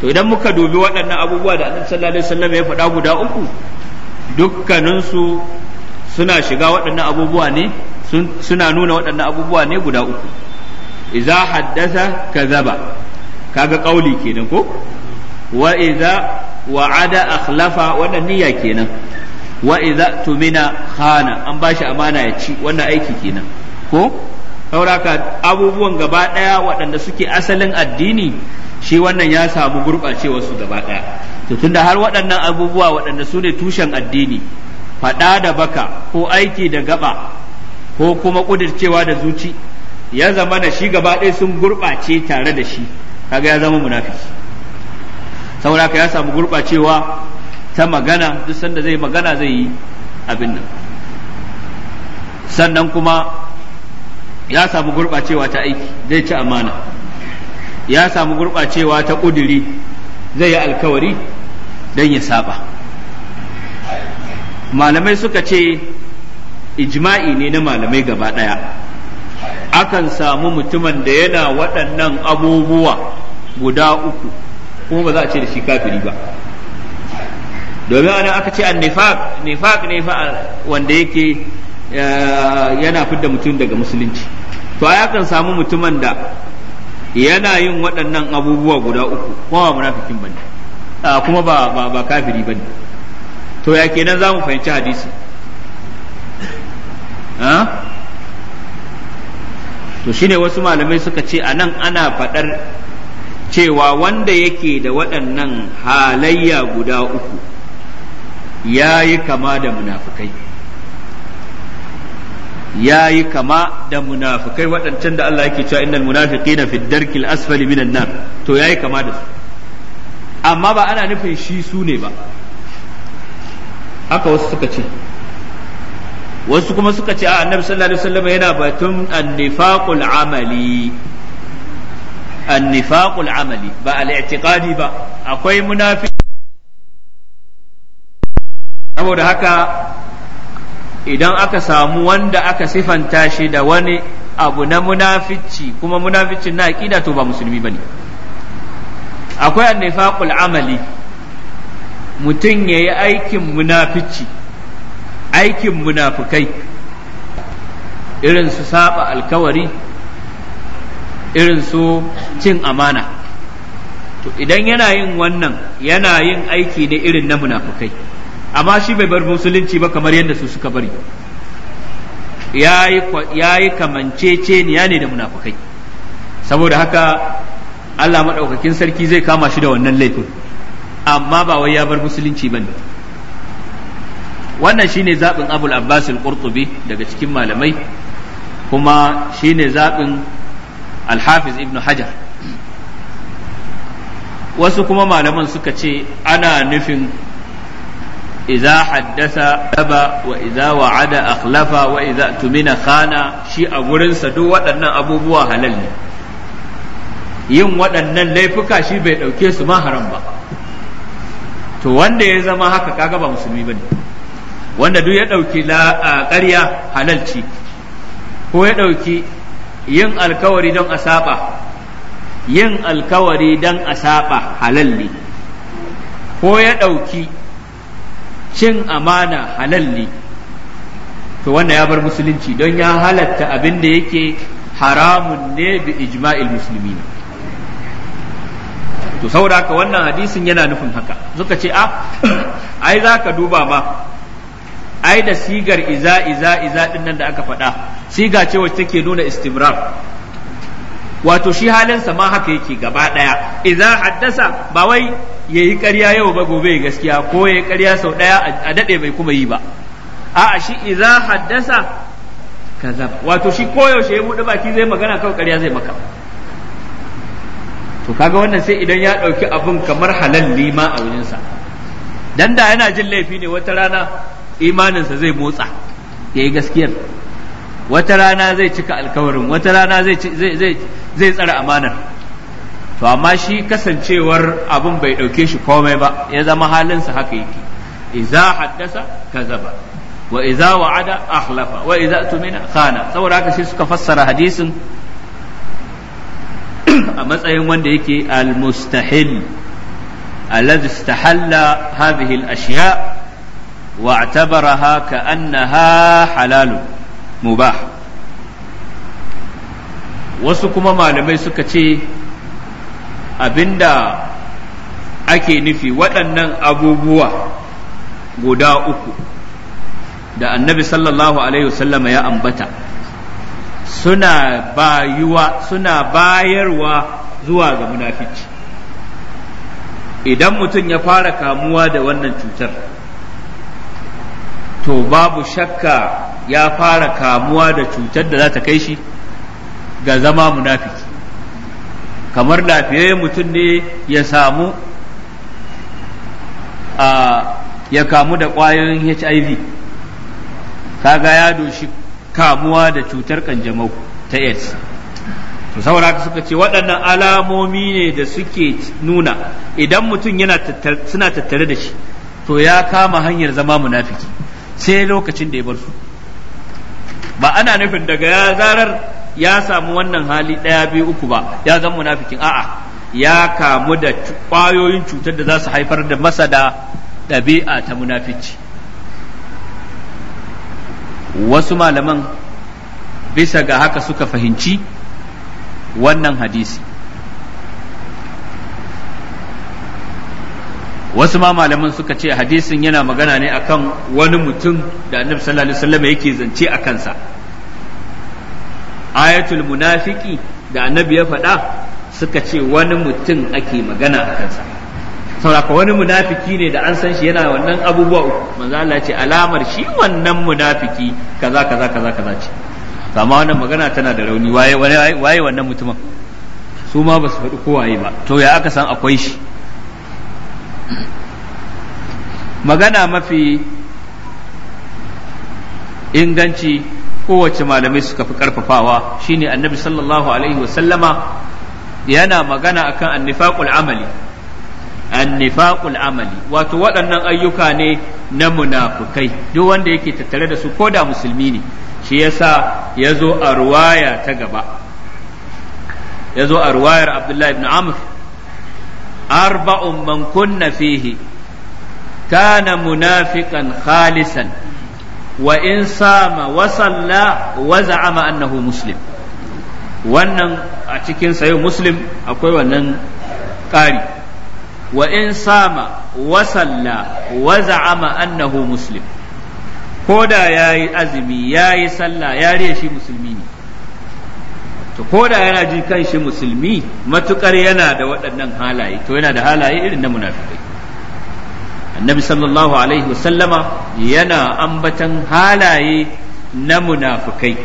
to idan muka dubi waɗannan abubuwa da annabi sallallahu alaihi wasallam ya faɗa guda uku dukkaninsu suna shiga waɗannan abubuwa ne suna nuna waɗannan abubuwa ne guda uku iza haddasa kazaba kaga kauli kenan ko wa iza wa'ada akhlafa wannan niyya kenan wa iza tumina khana an bashi amana ya ci wannan aiki kenan ko sauraka abubuwan gaba ɗaya waɗanda suke asalin addini shi wannan ya samu gurɓacewar su gaba ɗaya to tunda har waɗannan abubuwa waɗanda su ne tushen addini faɗa da baka ko aiki da gaba ko kuma kudircewa da zuci ya zama da shi gaba ɗaya sun gurɓace tare da shi kaga ya zama munafiki saboda ka ya samu gurɓacewa ta magana duk sanda zai magana zai yi abin nan sannan kuma ya samu gurɓacewa ta aiki zai ci amana ya samu gurɓacewa ta ƙudiri zai yi alkawari don ya saba malamai suka ce ijma'i ne na malamai gaba ɗaya akan samu mutumin da yana waɗannan abubuwa guda uku kuma ba za a ce da shi kafiri ba domin ana aka ce an nifaq nifaq ne fa wanda yake eh, yana fidda mutum daga musulunci to ai akan samu mutumin da yana yin waɗannan abubuwa guda uku kuma ba munafikin bane ah, kuma ba ba kafiri bane to ya kenan za mu fahimci hadisi to shine wasu malamai suka ce a nan ana faɗar cewa wanda yake da waɗannan halayya guda uku ya yi kama da munafukai ya yi kama da munafukai waɗancan da Allah yake cewa innal munafiqina na darkil asfali minan nan to ya yi kama da su amma ba ana nufin shi su ne ba haka wasu suka ce wasu kuma suka ce a annabi sallallahu alaihi wasallam yana batun annifaqul amali annifaqul amali ba al-i'tiqadi ba akwai munafi saboda haka idan aka samu wanda aka sifanta shi da wani abu na munafici kuma munaficin na aqida to ba musulmi bane akwai annifaqul amali mutum yayi aikin munafici aikin munafukai irin su saba alkawari irin su cin amana to idan yana yin wannan yana yin aiki ne irin na munafukai amma shi bai bar musulunci ba kamar yadda su suka bari ya yi kamanceceniya ne da munafukai saboda haka Allah maɗaukakin sarki zai kama shi da wannan laifin amma ba wai ya bar musulunci ba ne wannan shine zaɓin abul abbas al-qurtubi daga cikin malamai kuma shine zaɓin al-hafiz ibn hajar wasu kuma malaman suka ce ana nufin Haddasa إذا حدث أبا وإذا wa iza Tumina shi shi a أقولن duk waɗannan abubuwa halal ne, yin waɗannan laifuka shi bai ɗauke su ma haram ba to wanda ya zama haka kaga ba musulmi bane wanda duk ya ɗauki ƙarya halalci ko ya ɗauki yin alkawari don a saba yin alkawari don a saba halal ko ya ɗauki cin amana halal ne to wannan ya bar musulunci don ya halatta abin da yake haramun ne bi ijma'il musulmi to saboda haka wannan hadisin yana nufin haka suka ce a ah, ai za ka duba ma ai da sigar iza iza iza din nan da aka faɗa siga ce wacce take nuna istimrar wato shi halin ma haka yake gaba daya iza haddasa ba wai ya yi ƙarya yau ba gobe gaskiya ko ya yi ƙarya sau ɗaya a daɗe bai kuma yi ba a'a shi iza haddasa kaza wato shi koyaushe ya buɗe baki zai magana kawai ƙarya zai maka to kaga wannan sai idan ya ɗauki abin kamar halal lima a wajensa dan da yana jin laifi ne wata rana imaninsa zai motsa ya yi gaskiyar wata rana zai cika alkawarin wata rana zai tsara amanar to amma shi kasancewar abin bai ɗauke shi komai ba ya zama halinsa haka yake iza haddasa kazaba wa iza wa'ada ahlafa wa iza tumina khana saboda haka shi suka fassara hadisin a matsayin wanda yake al-mustahil alladhi istahalla hadhihi al-ashya واعتبرها كأنها حلال مباح wasu kuma malamai suka ce abinda ake nufi waɗannan abubuwa guda uku da annabi sallallahu alaihi wasallama ya ambata suna bayuwa suna bayarwa zuwa ga munafici idan mutum ya fara kamuwa da wannan cutar to babu shakka ya fara kamuwa da cutar da za ta kai shi ga zama munafiki kamar lafiyayye mutum ne ya samu a ya kamu da ƙwayoyin hiv kaga ya doshi kamuwa da cutar kanjamau ta aids to saboda haka suka ce waɗannan alamomi ne da suke nuna idan mutum yana suna tattare da shi to ya kama hanyar zama munafiki sai lokacin da ya bar su ba ana nufin daga ya zarar ya samu wannan hali ɗaya biyu uku ba ya zan munafikin a'a ya kamu da ƙwayoyin cutar da za su haifar da masa da ɗabi'a ta munafici wasu malaman bisa ga haka suka fahimci wannan hadisi wasu ma malaman suka ce hadisin yana magana ne akan wani mutum da annabi sallallahu alaihi wasallam yake zance a kansa ayatul munafiki da annabi ya faɗa suka ce wani mutum ake magana a kansa ko wani munafiki ne da an san shi yana wannan abubuwa uku manzo Allah ce alamar shi wannan munafiki kaza kaza kaza kaza ce amma wannan magana tana da rauni waye waye wannan mutumin su ma ba su faɗi kowaye ba to ya aka san akwai shi magana mafi inganci kowace malamai suka fi karfafawa shine annabi sallallahu alaihi wasallama yana magana akan annifaqul amali annifaqul amali wato waɗannan ayyuka ne na munafukai duk wanda yake tattare da su ko da musulmi ne shi yasa ya zo a ruwaya ta gaba ya zo a ruwayar abdullahi ibn amr arba'un man kunna fihi kana munafiqan khalisan wa in sama wa salla wa annahu muslim wannan a cikin sayo muslim akwai wannan ƙari wa in sama wa salla wa za'ama annahu muslim ko da ya yi azumi ya yi sallah ya riya shi musulmi ne to ko da yana jin kan shi musulmi matukar yana da waɗannan halaye to yana da halaye irin na munafikai annabi sallallahu alaihi wasallama yana ambatan halaye na munafukai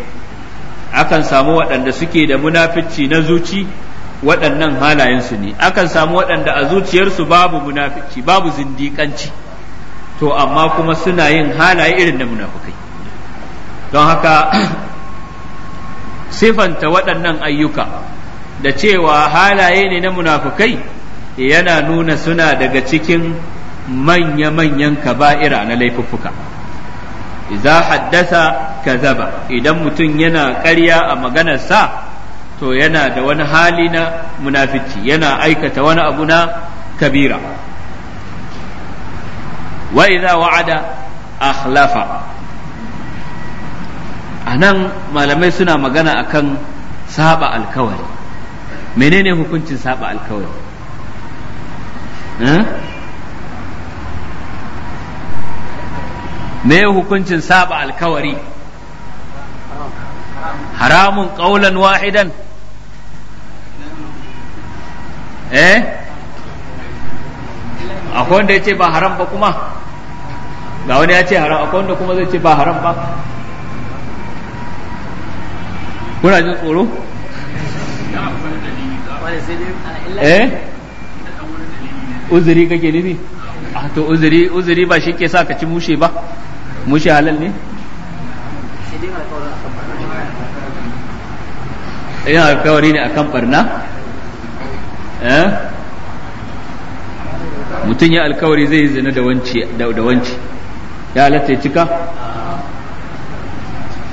akan samu waɗanda suke da munafici na zuci waɗannan halayensu ne akan samu waɗanda a zuciyarsu babu munafici babu zindikanci, to amma kuma suna yin halaye irin na munafukai don haka sifanta waɗannan ayyuka da cewa halaye ne na munafukai yana nuna suna daga cikin manya-manyan kaba'ira na laifuffuka za haddasa kazaba idan mutum yana ƙarya a maganarsa to yana da wani hali na munafici yana aikata wani abu na kabira wa idza wa'ada akhlafa anan malamai suna magana akan saba alkawari menene hukuncin saba alkawari eh? me hukuncin saba alkawari haramun ƙaulan wahidan eh akwai wanda ya ce ba haram ba kuma ga wani ya ce haram akwai wanda kuma zai ce ba haram ba kuna jin tsoro eh uzuri kake nufi ah, to uzuri uzuri ba shi ke sa ka ci mushe ba mushi halal ne yin alkawari ne akan barna eh mutum ya alkawari zai zina da wanci da wanci ya halatta ya cika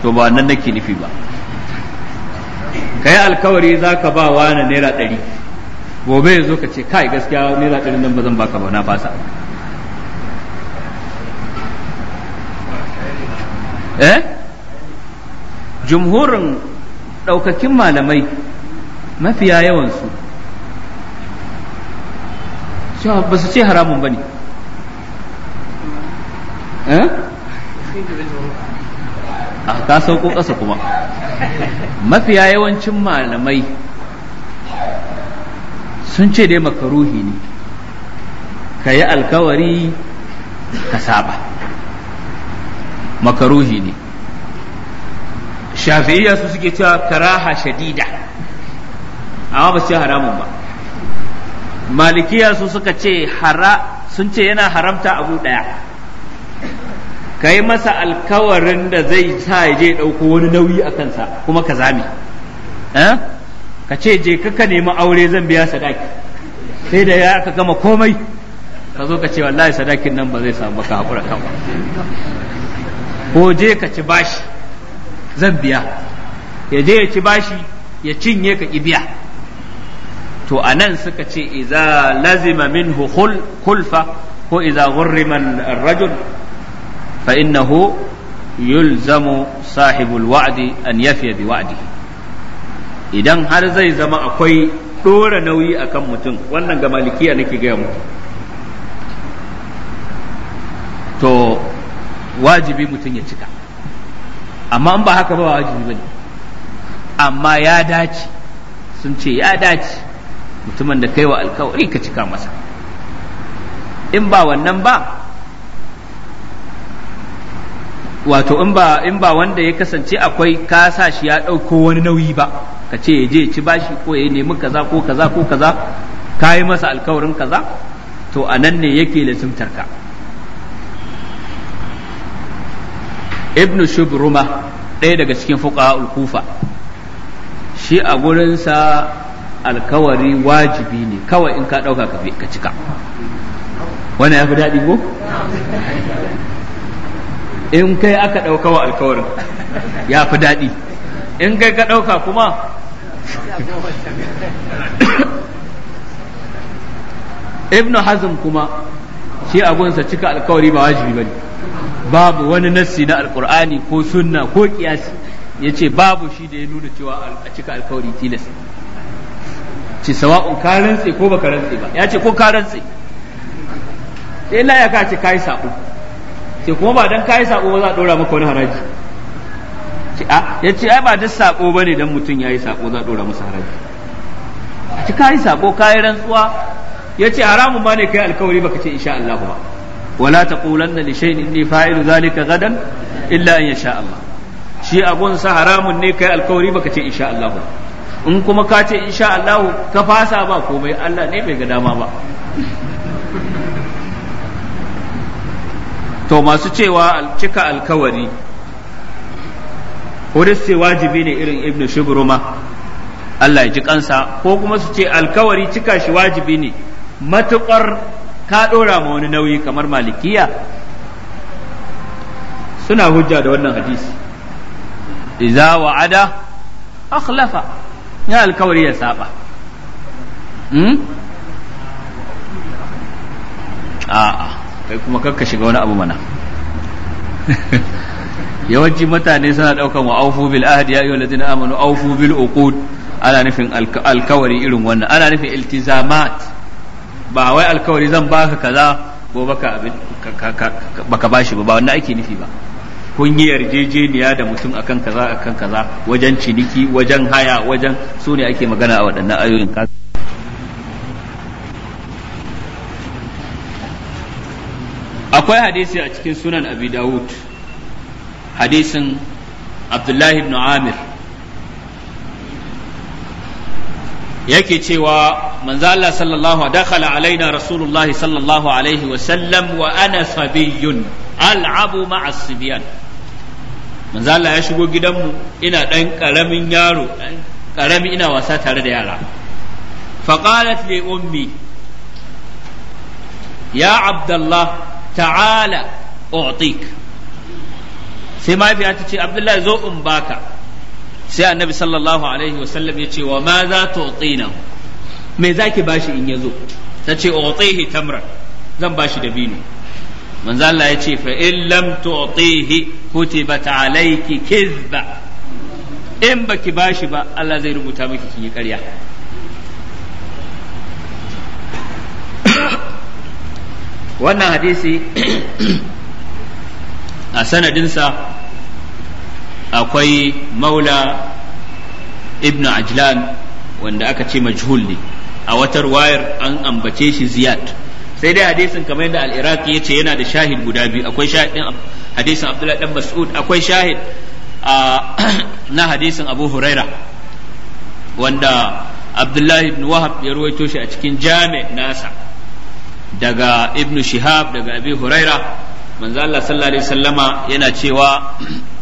to ba nan nake nufi ba ka yi alkawari za ka ba wa na naira ɗari gobe ya zo ka ce kai gaskiya naira ɗari nan ba zan baka ba na fasa eh jumhurin ɗaukakin malamai mafiya yawansu ba su ce haramun ba ne eh? a ah, ka sauko ƙasa kuma mafiya yawancin malamai sun ce dai makaruhi ne ka yi alkawari ka saba makaruhi ne shafi'iyya su suke cewa karaha shadida amma ba su ce haramun ba malikiya su suka ce hara sun ce yana haramta abu ɗaya ka yi masa alkawarin da zai sa ya je ɗauko wani nauyi a kansa kuma ka zame eh? ka ce je ka nemi aure zan biya sadaki sai da ya ka gama komai ka zo ka ce wallahi sadakin nan ba zai samu ka haƙura kan ko je ka ci bashi zan biya ya je ya ci bashi ya cinye ka ki biya to a nan suka ce iza lazima minhu khul kulfa ko iza ghurriman ar-rajul fa innahu yulzamu sahibul wa'di an yafiya bi wa'di idan har zai zama akwai dora nauyi akan mutum wannan ga malikiya nake ga muku wajibi mutum ya cika amma in ba haka ba wajibi ne, amma ya dace sun ce ya dace mutumin da kaiwa alkawari ka cika masa in ba wannan ba wato in ba in ba wanda ya kasance akwai ka sa shi ya ɗauko wani nauyi ba ka ce ya je ci bashi ko ya nemi kaza ko kaza ko kaza ka yi masa alkawarin kaza to a nan ne yake lazimtar ka ibnu shubruma ɗaya daga cikin fuqaha'ul kufa shi a gurinsa alkawari wajibi ne kawai in ka ɗauka ka cika wannan ya fi daɗi ko in kai aka ɗauka wa alkawarin ya fi daɗi in kai ka ɗauka kuma ibnu hazm kuma shi a gunsa cika alkawari ba wajibi ba ne babu wani nassi na alkur'ani ko sunna ko kiyasi ya ce babu shi da ya nuna cewa a cika alkawari tilas ce sawa'un ka rantse ko baka rantse ba ya ce ko ka rantse sai la ya ka ce kai sako sai kuma ba dan kai sako ba za a dora maka wani haraji ya ce ai ba duk sako bane dan mutum yayi sako za a dora masa haraji a ci kai sako kai rantsuwa ya ce haramun ba ne kai alkawari baka ce insha Allah ba wala taqulanna li shay'in inni fa'ilu zalika gadan illa an yasha Allah shi abun sa haramun ne kai alkawari baka ce insha Allah in kuma ka ce insha Allah ka fasa ba komai Allah ne bai ga dama ba to masu cewa cika alkawari ko wajibi ne irin ibnu shubruma Allah ya ji kansa ko kuma su ce alkawari cika shi wajibi ne matuƙar ka ɗora ma wani nauyi kamar malikiya suna hujja da wannan hadisi iza wa'ada akhlafa ya alkawari ya saba hmm? a'a kai kuma kakka shiga wani abu mana yawanci mutane suna daukan wa aufu bil ahdi ya ayyuhal ladina amanu aufu bil uqud ana nufin alkawari irin wannan ana nufin iltizamat ba wai alkawari zan baka kaza ko baka abin baka bashi ba ba wannan ake nufi ba kun yi yarjejeniya da mutum akan kaza akan kaza wajen ciniki wajen haya wajen su ne ake magana a waɗannan ayoyin ka akwai hadisi a cikin sunan abi dawud hadisin abdullahi ibn amir yake cewa manzo Allah sallallahu dakhala alaina rasulullahi sallallahu alaihi wa sallam wa ana sabiyun al'abu ma'a sibiyan manzo Allah ya shigo gidanmu ina dan karamin yaro karami ina wasa tare da yara faqalat li ummi ya abdullah ta'ala u'tik sai mahaifiyata ce abdullahi zo in baka sai annabi sallallahu alaihi wasallam ya ce wa ma za ta utsina me zaki bashi in yazo ta ce utsihi tamra zan bashi dabino Manza Allah ya ce fa in lam tu'tihi kutibat alayki kizba in baki bashi ba Allah zai rubuta miki kin yi ƙarya wannan hadisi a sanadinsa akwai maula ibn ajlan wanda aka ce majhul ne a watar wayar an ambace shi ziyad sai dai hadisin kamar yadda al-iraqi yace yana da shahid guda biyu akwai shahid din hadisin abdullahi dan mas'ud akwai shahid na hadisin abu huraira wanda abdullahi ibn wahab ya ruwaito shi a cikin jami' nasa daga Ibnu shihab daga abi huraira manzo Allah sallallahu alaihi wasallama yana cewa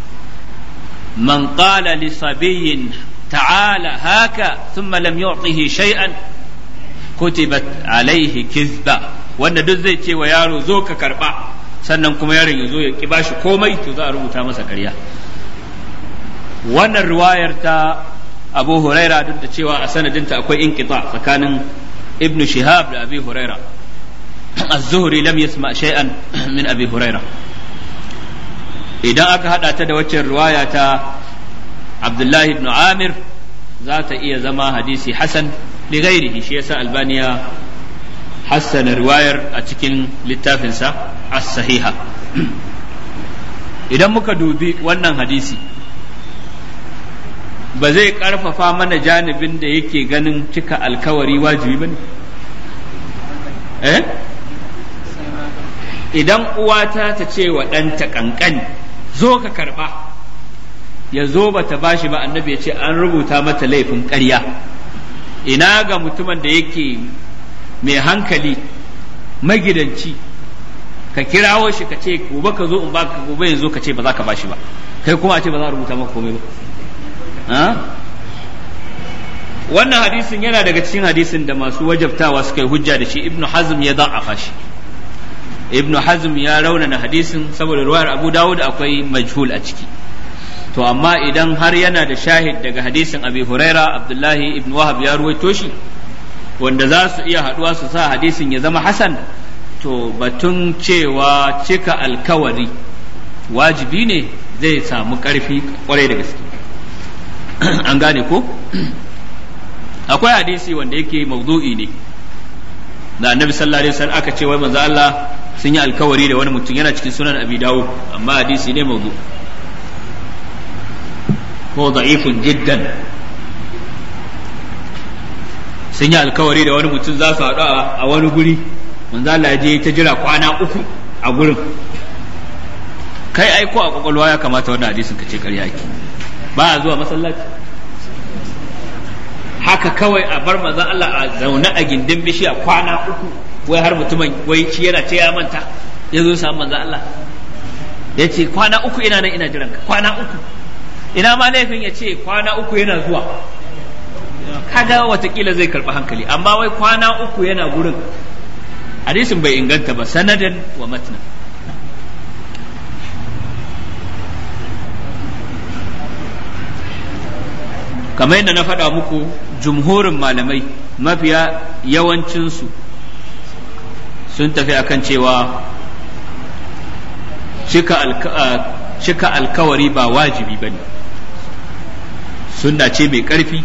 man qala li sabiyyin ta'ala haka thumma lam yu'tihi shay'an kutibat alaihi kizba wanda duk zai ce wa yaro zo ka karɓa sannan kuma yaron ya zo ya ki bashi komai to za a rubuta masa ƙarya wannan riwayar ta abu huraira duk da cewa a sanadinta akwai inqita tsakanin ibnu shihab da abi huraira az-zuhri lam yasma shay'an min abi huraira idan aka hada ta da waccan riwaya ta Abdullahi ibn Amir za ta iya zama hadisi hasan li ghairihi shi yasa Albaniya hassana riwayar a cikin littafinsa as-sahiha idan muka dubi wannan hadisi ba zai karfafa mana janibin da yake ganin cika alkawari wajibi ba ne eh idan uwata ta ce wa ɗanta ƙanƙani zo ka karba ya zo ba ta bashi ba annabi ya ce an rubuta mata laifin ƙarya ina ga mutumin da yake mai hankali magidanci ka kirawo shi ka ce gobe ka zo in baka gobe ya zo ka ce ba za ka bashi ba kai kuma a ce ba za a rubuta maka komai ba wannan hadisin yana daga cikin hadisin da masu wajabtawa suka yi hujja da shi ibnu hazm ya da'afa shi ibn hazm ya raunana hadisin saboda ruwayar abu dawud akwai majhul a ciki to amma idan har yana da shahid daga hadisin abi huraira abdullahi ibn wahab ya ruwaito shi wanda za su iya haduwa su sa hadisin ya zama hasan to batun cewa cika alkawari wajibi ne zai samu karfi kwarai da gaske an gane ko akwai hadisi wanda yake mawdu'i ne da annabi sallallahu alaihi wasallam aka ce wai manzo Allah sun yi alkawari da wani mutum yana cikin sunan abi dawo amma hadisi ne mawdu ko da'ifun jiddan sun yi alkawari da wani mutum za su haɗu a wani guri manzo Allah ya je ta jira kwana uku a gurin kai aiko a kwakwalwa ya kamata wannan hadisin ka ce karya ba a zuwa masallaci haka kawai a bar maza Allah a zaune a gindin bishiya kwana uku wai har mutumin wai shi yana ce ya manta ya zo samu maza Allah ya ce kwana uku ina nan ina jiranka kwana uku ina ma laifin ya ce kwana uku yana zuwa kaga watakila zai karɓi hankali amma wai kwana uku yana gurin hadisin bai inganta ba sanadin wa matna kamar yadda na faɗa muku jumhurin malamai mafiya yawancinsu sun tafi akan cewa cika alkawari ba wajibi ba ne sunna ce mai ƙarfi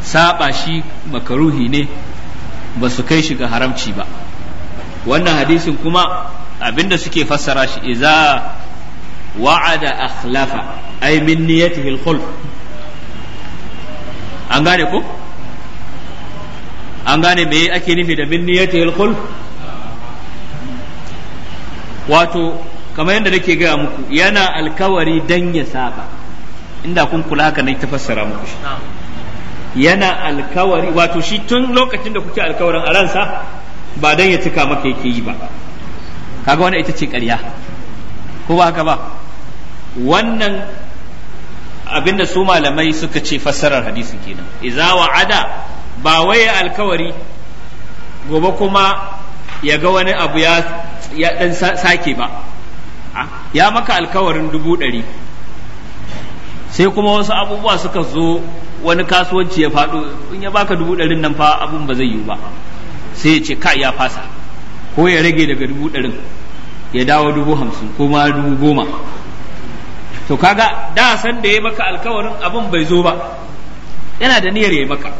saba shi makaruhi ne ba su kai shiga haramci ba wannan hadisin kuma abinda suke fassara shi iza wa'ada akhlafa ay min niyatihi al-khulf an gane ko an gane me ake nufi da bin niyyati al wato kamar yadda nake gaya muku yana alkawari dan ya saba inda kun kula haka ne tafassara muku shi yana alkawari wato shi tun lokacin da kuke alkawarin a ransa ba dan ya cika maka yake yi ba kaga wannan ita ce ƙarya ko ba haka ba wannan abinda su malamai suka ce fassarar hadisi kenan iza wa'ada ba wai alkawari gobe kuma ya ga wani abu ya dan sake ba ya maka alkawarin dubu ɗari sai kuma wasu abubuwa suka zo wani kasuwanci ya faɗo in ya baka dubu ɗarin nan fa abun ba zai yiwu ba sai ya ce ka ya fasa ko ya rage daga dubu ɗarin ya dawo dubu hamsin ko ma dubu goma to kaga da san da yi maka alkawarin abun bai zo ba yana da niyyar ya maka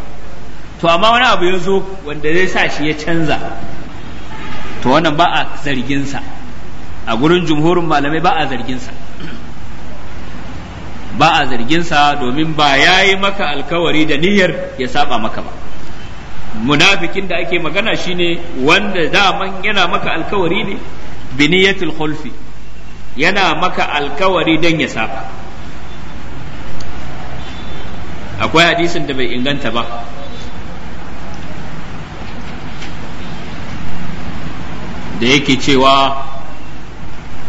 to amma wani abu ya zo wanda zai sa shi ya canza to wannan ba a zargin sa a gurin jumhurin malamai ba a zargin sa ba a zargin sa domin ba yayi maka alkawari da niyyar ya saba maka ba munafikin da ake magana shine wanda daman yana maka alkawari ne biniyatul khulfi yana maka alkawari don ya saba akwai hadisin da bai inganta ba da yake cewa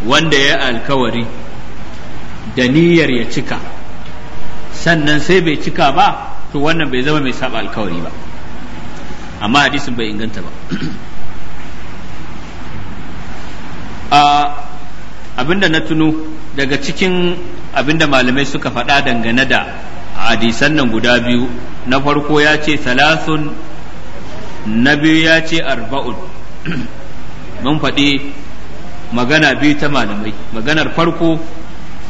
wanda ya alkawari da niyyar ya cika sannan sai bai cika ba to wannan bai zama mai saba alkawari ba amma hadisin bai inganta ba ah, abinda na tuno daga cikin abinda malamai suka faɗa dangane da hadisan nan guda biyu na farko ya ce salasun na biyu ya ce arba'un mun faɗi magana biyu ta malamai maganar farko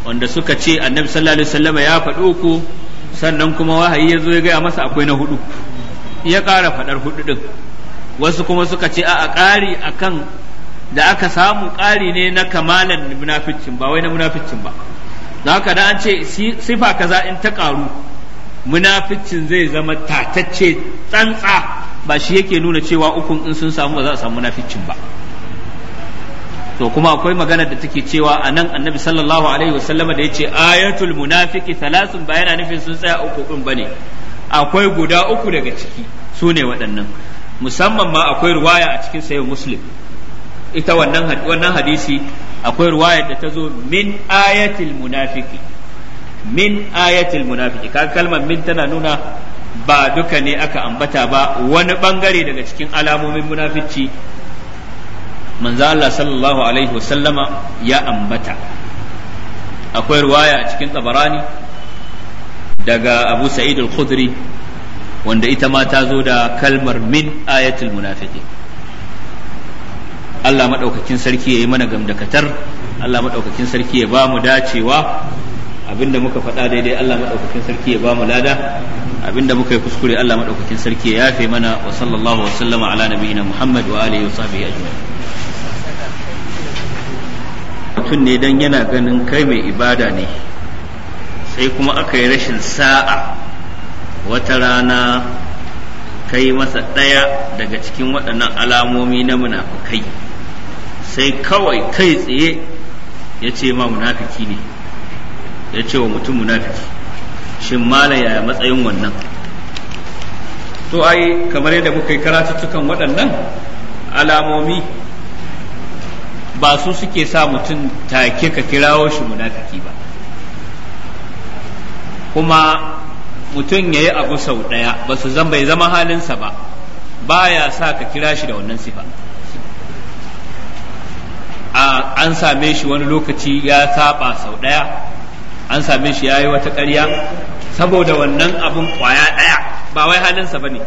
wanda suka ce annabi sallallahu alaihi wasallama ya faɗo uku sannan kuma wahayi ya zo ya gaya masa akwai na hudu ya ƙara faɗar hudu ɗin wasu kuma suka ce a ƙari akan da aka samu ƙari ne na kamalan munaficin ba wai na munaficin ba da haka da an ce sifa kaza in ta ƙaru munaficin zai zama tatacce tsantsa ba shi yake nuna cewa ukun in sun samu ba za a samu munaficin ba to kuma akwai magana da take cewa a nan annabi sallallahu alaihi wasallama da ya ce ayatul munafiki thalathun ba yana nufin sun tsaya uku ɗin ba ne akwai guda uku daga ciki su ne waɗannan musamman ma akwai ruwaya a cikin sayin muslim ita wannan hadisi akwai ruwayar da ta zo min ayatul munafiki min ayatul munafiki ka kalmar min tana nuna ba duka ne aka ambata ba wani bangare daga cikin alamomin munafici manzo Allah sallallahu alaihi wasallama ya ambata akwai ruwaya a cikin tabarani daga Abu Sa'id al-Khudri wanda ita ma ta zo da kalmar min ayatul munafiki Allah maɗaukakin sarki ya yi mana gamdakatar Allah maɗaukakin sarki ya ba mu dacewa abinda muka faɗa daidai Allah maɗaukakin sarki ya ba mu lada abinda muka yi kuskure Allah maɗaukakin sarki ya yafe mana wa sallallahu wa sallama ala nabiyina Muhammad wa alihi wa sahbihi ajma'in mutum ne dan yana ganin kai mai ibada ne sai kuma aka yi rashin sa'a wata rana kai masa ɗaya daga cikin waɗannan alamomi na munafukai sai kawai kai tsaye ya ce ma munafiki ne ya ce wa mutum munafiki shin mala yaya matsayin wannan to ai kamar yadda muka yi karatuttukan waɗannan alamomi ba su suke sa mutum take ka kirawo shi munafiki ba kuma mutum ya yi abu sau ɗaya ba su bai zama halinsa ba baya sa ka kira shi da wannan sifa. an same shi wani lokaci ya saba sau ɗaya an same shi ya yi wata karya saboda wannan abin ƙwaya ɗaya ba wai halinsa ba ne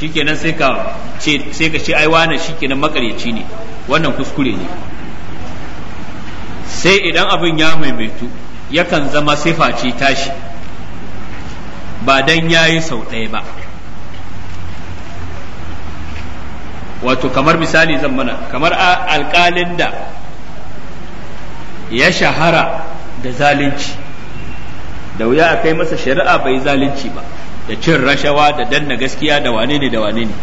shikenan sai ka ce sai ka ce shikenan makaryaci ne wannan kuskure ne sai idan abin ya maimaitu yakan zama sai face tashi ba dan yi sau ɗaya ba wato kamar misali zan mana kamar alƙalin da ya shahara da zalunci da wuya a kai masa shari'a bai zalunci ba da cin rashawa da danna gaskiya da wane ne da wane ne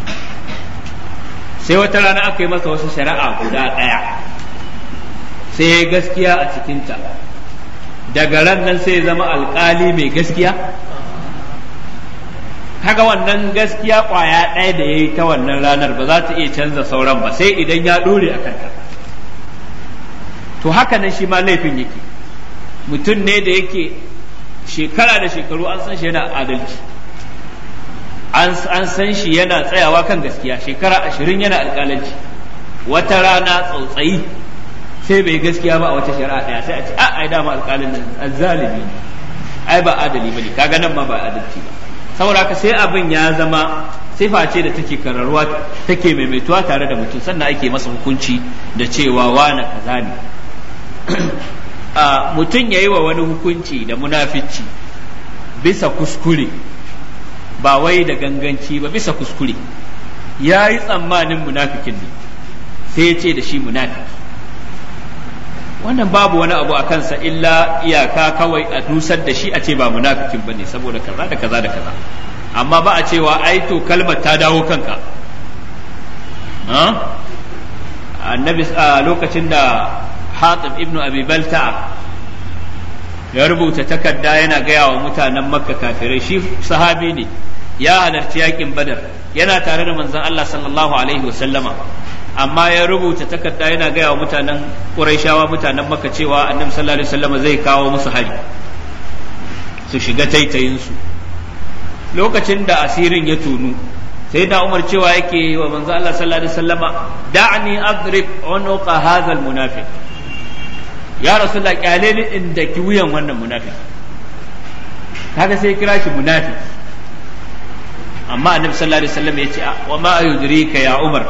sai wata rana aka yi masa wasu shari'a guda ɗaya sai ya gaskiya a cikinta daga ran nan sai ya zama alkali mai gaskiya kaga wannan gaskiya kwaya ɗaya da ya yi ta wannan ranar ba za ta iya canza sauran ba sai idan ya ɗore a kanta to haka nan shi ma laifin yake mutum ne da yake shekara da shekaru an san shi yana adalci an san shi yana tsayawa kan gaskiya shekara ashirin yana alƙalanci wata rana tsautsayi sai bai gaskiya ba a wata shari'a ɗaya sai a ce a'a ah, ai dama alƙalin nan azzalimi ne ai ba adali bane kaga nan ma ba adalci ba saboda haka sai abin ya zama sifa ce da take kararwa take maimaituwa tare da mutum sannan ake masa hukunci da cewa wane kaza ne mutum ya yi wa wani hukunci da munafici bisa kuskure ba wai da ganganci ba bisa kuskure ya yi tsammanin munafikin ne sai ya ce da shi munafiki wannan babu wani abu a kansa illa iyaka kawai a dusar da shi a ce ba munafikin ba ne saboda kaza da kaza da kaza amma ba a cewa ai to kalmar ta dawo kanka annabi a lokacin da hatim Ibnu abi balta'a ya rubuta takarda yana gaya wa mutanen makka kafirai shi sahabi ne ya halarci yaƙin badar yana tare da manzon Allah sallallahu alaihi wa sallama amma ya rubuta takarda yana gaya wa mutanen quraishawa mutanen makka cewa annabi sallallahu alaihi zai kawo musu hari su shiga taitayinsu. lokacin da asirin ya tunu sai da umar cewa yake wa manzo Allah sallallahu alaihi wasallama da'ni adrib unuqa hadha almunafiq ya rasu da kyale ni in ki wuyan wannan munafiki kaga sai kira shi munafiki amma annabi sallallahu alaihi wasallam yace ah, wa ma yudrika ya umar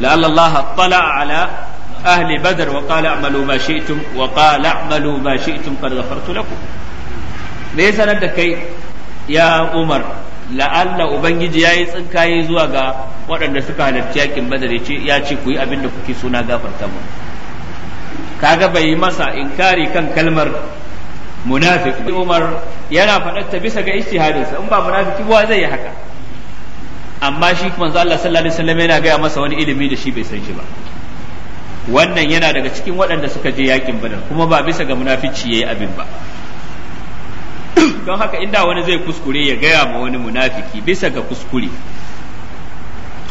la'alla allah tala ala ahli badr wa qala a'malu ma shi'tum wa qala a'malu ma shi'tum qad ghafartu lakum me sanar da kai ya umar la'alla ubangiji ya yi tsinkaye zuwa ga waɗanda suka halarci yakin badar ya ce ku yi abin da kuke suna gafarta mu kaga bai yi masa inkari kan kalmar munafik Umar yana faɗarta bisa ga ijtihadinsa in ba munafiki ba zai yi haka amma shi manzo Allah sallallahu alaihi wasallam yana gaya masa wani ilimi da shi bai san shi ba wannan yana daga cikin waɗanda suka je yakin badar kuma ba bisa ga munafici yayi abin ba don haka inda wani zai kuskure ya gaya ma wani munafiki bisa ga kuskure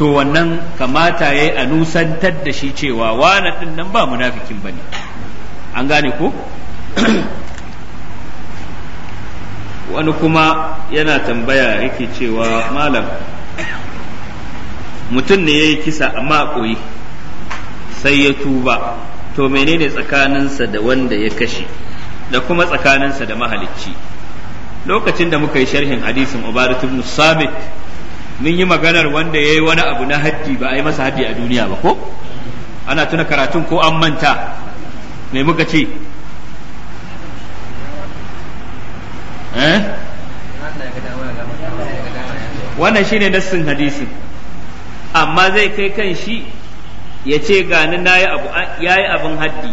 to wannan kamata yayi a nusantar da shi cewa wani din nan ba munafikin bane an gane ko wani kuma yana tambaya yake cewa malam mutum ne ya yi kisa amma koyi sai ya tuba to menene tsakaninsa da wanda ya kashe da kuma tsakaninsa da mahalicci lokacin da muka yi sharhin hadisin ubarat ibn sabit mun yi maganar wanda ya yi wani abu na haddi ba a yi masa haddi a duniya ba ko ana tuna karatun ko an manta me muka ce eh? wannan shine nassin hadisin amma zai kai kan shi ya ce gani na yi abu ya yi abin haddi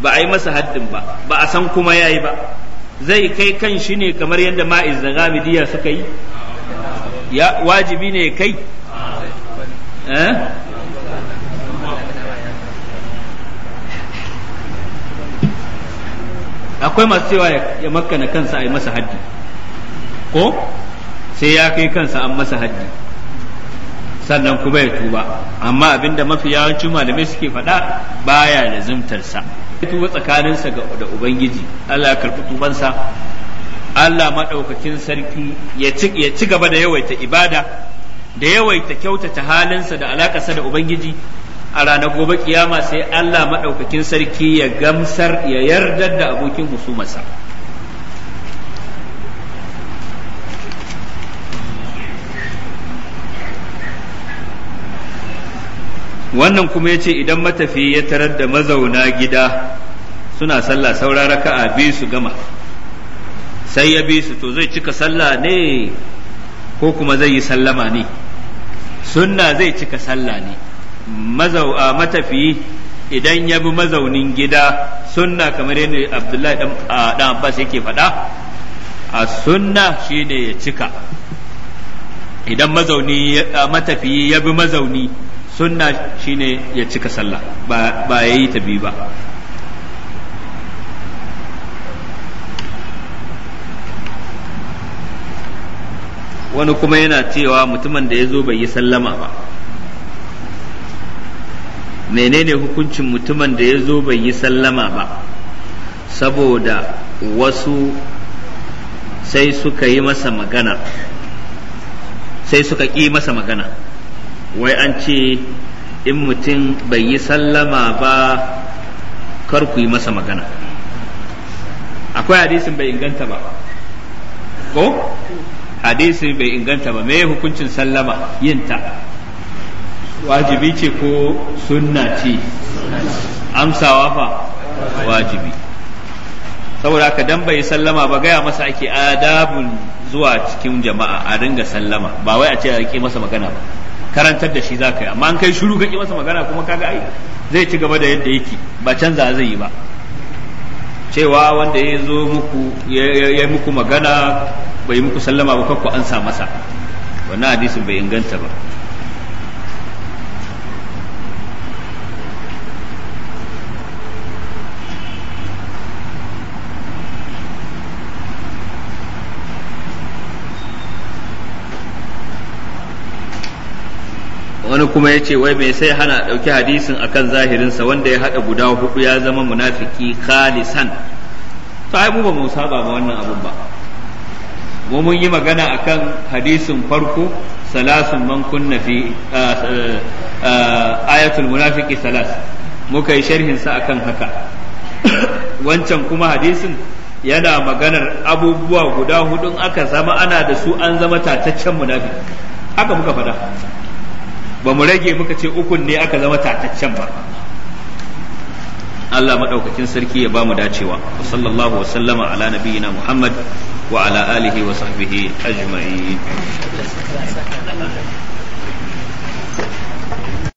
ba a yi masa haddin ba ba a san kuma ya yi ba zai kai kan shi ne kamar yadda ma'iz da gamidiya suka yi ya wajibi ne kai eh akwai masu cewa ya makana kansa a yi masa haddi ko sai ya kai kansa an masa haddi sannan kuma ya tuba amma abinda mafi yawancin malamai suke faɗa baya da zumtarsa ya tuba tsakaninsa da ubangiji Allah ya karɓi tubansa Allah maɗaukakin sarki ya ci gaba da yawaita ibada da yawaita kyautata halinsa da alakarsa da Ubangiji a ranar gobe kiyama sai Allah maɗaukakin sarki ya gamsar ya yardar da abokin husumarsa. wannan kuma ya ce idan matafi ya tarar da mazauna gida suna sallah saura raka'a biyu su gama sai ya bi su to zai cika sallah ne ko kuma zai yi sallama ne sunna zai cika sallah ne matafiyi idan ya bi mazaunin gida sunna kamar yadda abdullahi dan abbas yake faɗa a sunna shine ya cika idan mazauni matafiyi ya bi mazauni sunna shine ya cika sallah ba ya yi ta ba wani kuma yana cewa mutumin da ya zo bai yi sallama ba menene hukuncin mutumin da ya zo bai yi sallama ba saboda wasu sai suka yi masa magana sai suka ƙi masa magana wai an ce in mutum bai yi sallama ba kar ku yi masa magana akwai hadisin bai inganta ba ko hadisi bai inganta ba me hukuncin sallama yinta wajibi ce ko sunna ce amsawa fa wajibi saboda ka dan bai sallama ba gaya masa ake adabun zuwa cikin jama'a a ringa sallama ba wai a ce a rike masa magana ba karantar da shi za ka amma an kai shiru ka ki masa magana kuma kaga ai zai ci gaba da yadda yake ba canza zai yi ba cewa wanda ya zo muku ya muku magana bai muku sallama ba kakku an sa masa wannan hadisin bai inganta ba wani kuma ya ce wai mai sai hana ɗauki hadisin akan zahirinsa wanda ya haɗa guda hudu ya zama munafiki khalisan to ai mu ba mu saba ba wannan abun ba mu mun yi magana akan hadisin farko salasun man kunna fi ayatul munafiki salas muka yi sharhin sa akan haka wancan kuma hadisin yana maganar abubuwa guda hudun aka zama ana da su an zama tataccen munafiki haka muka faɗa ba mu rage muka ce ukun ne aka zama tataccen ba Allah maɗaukakin sarki ya bamu dacewa wa sallallahu wa sallama ala nabiyyina Muhammad wa ala alihi wa sahbihi ajma'in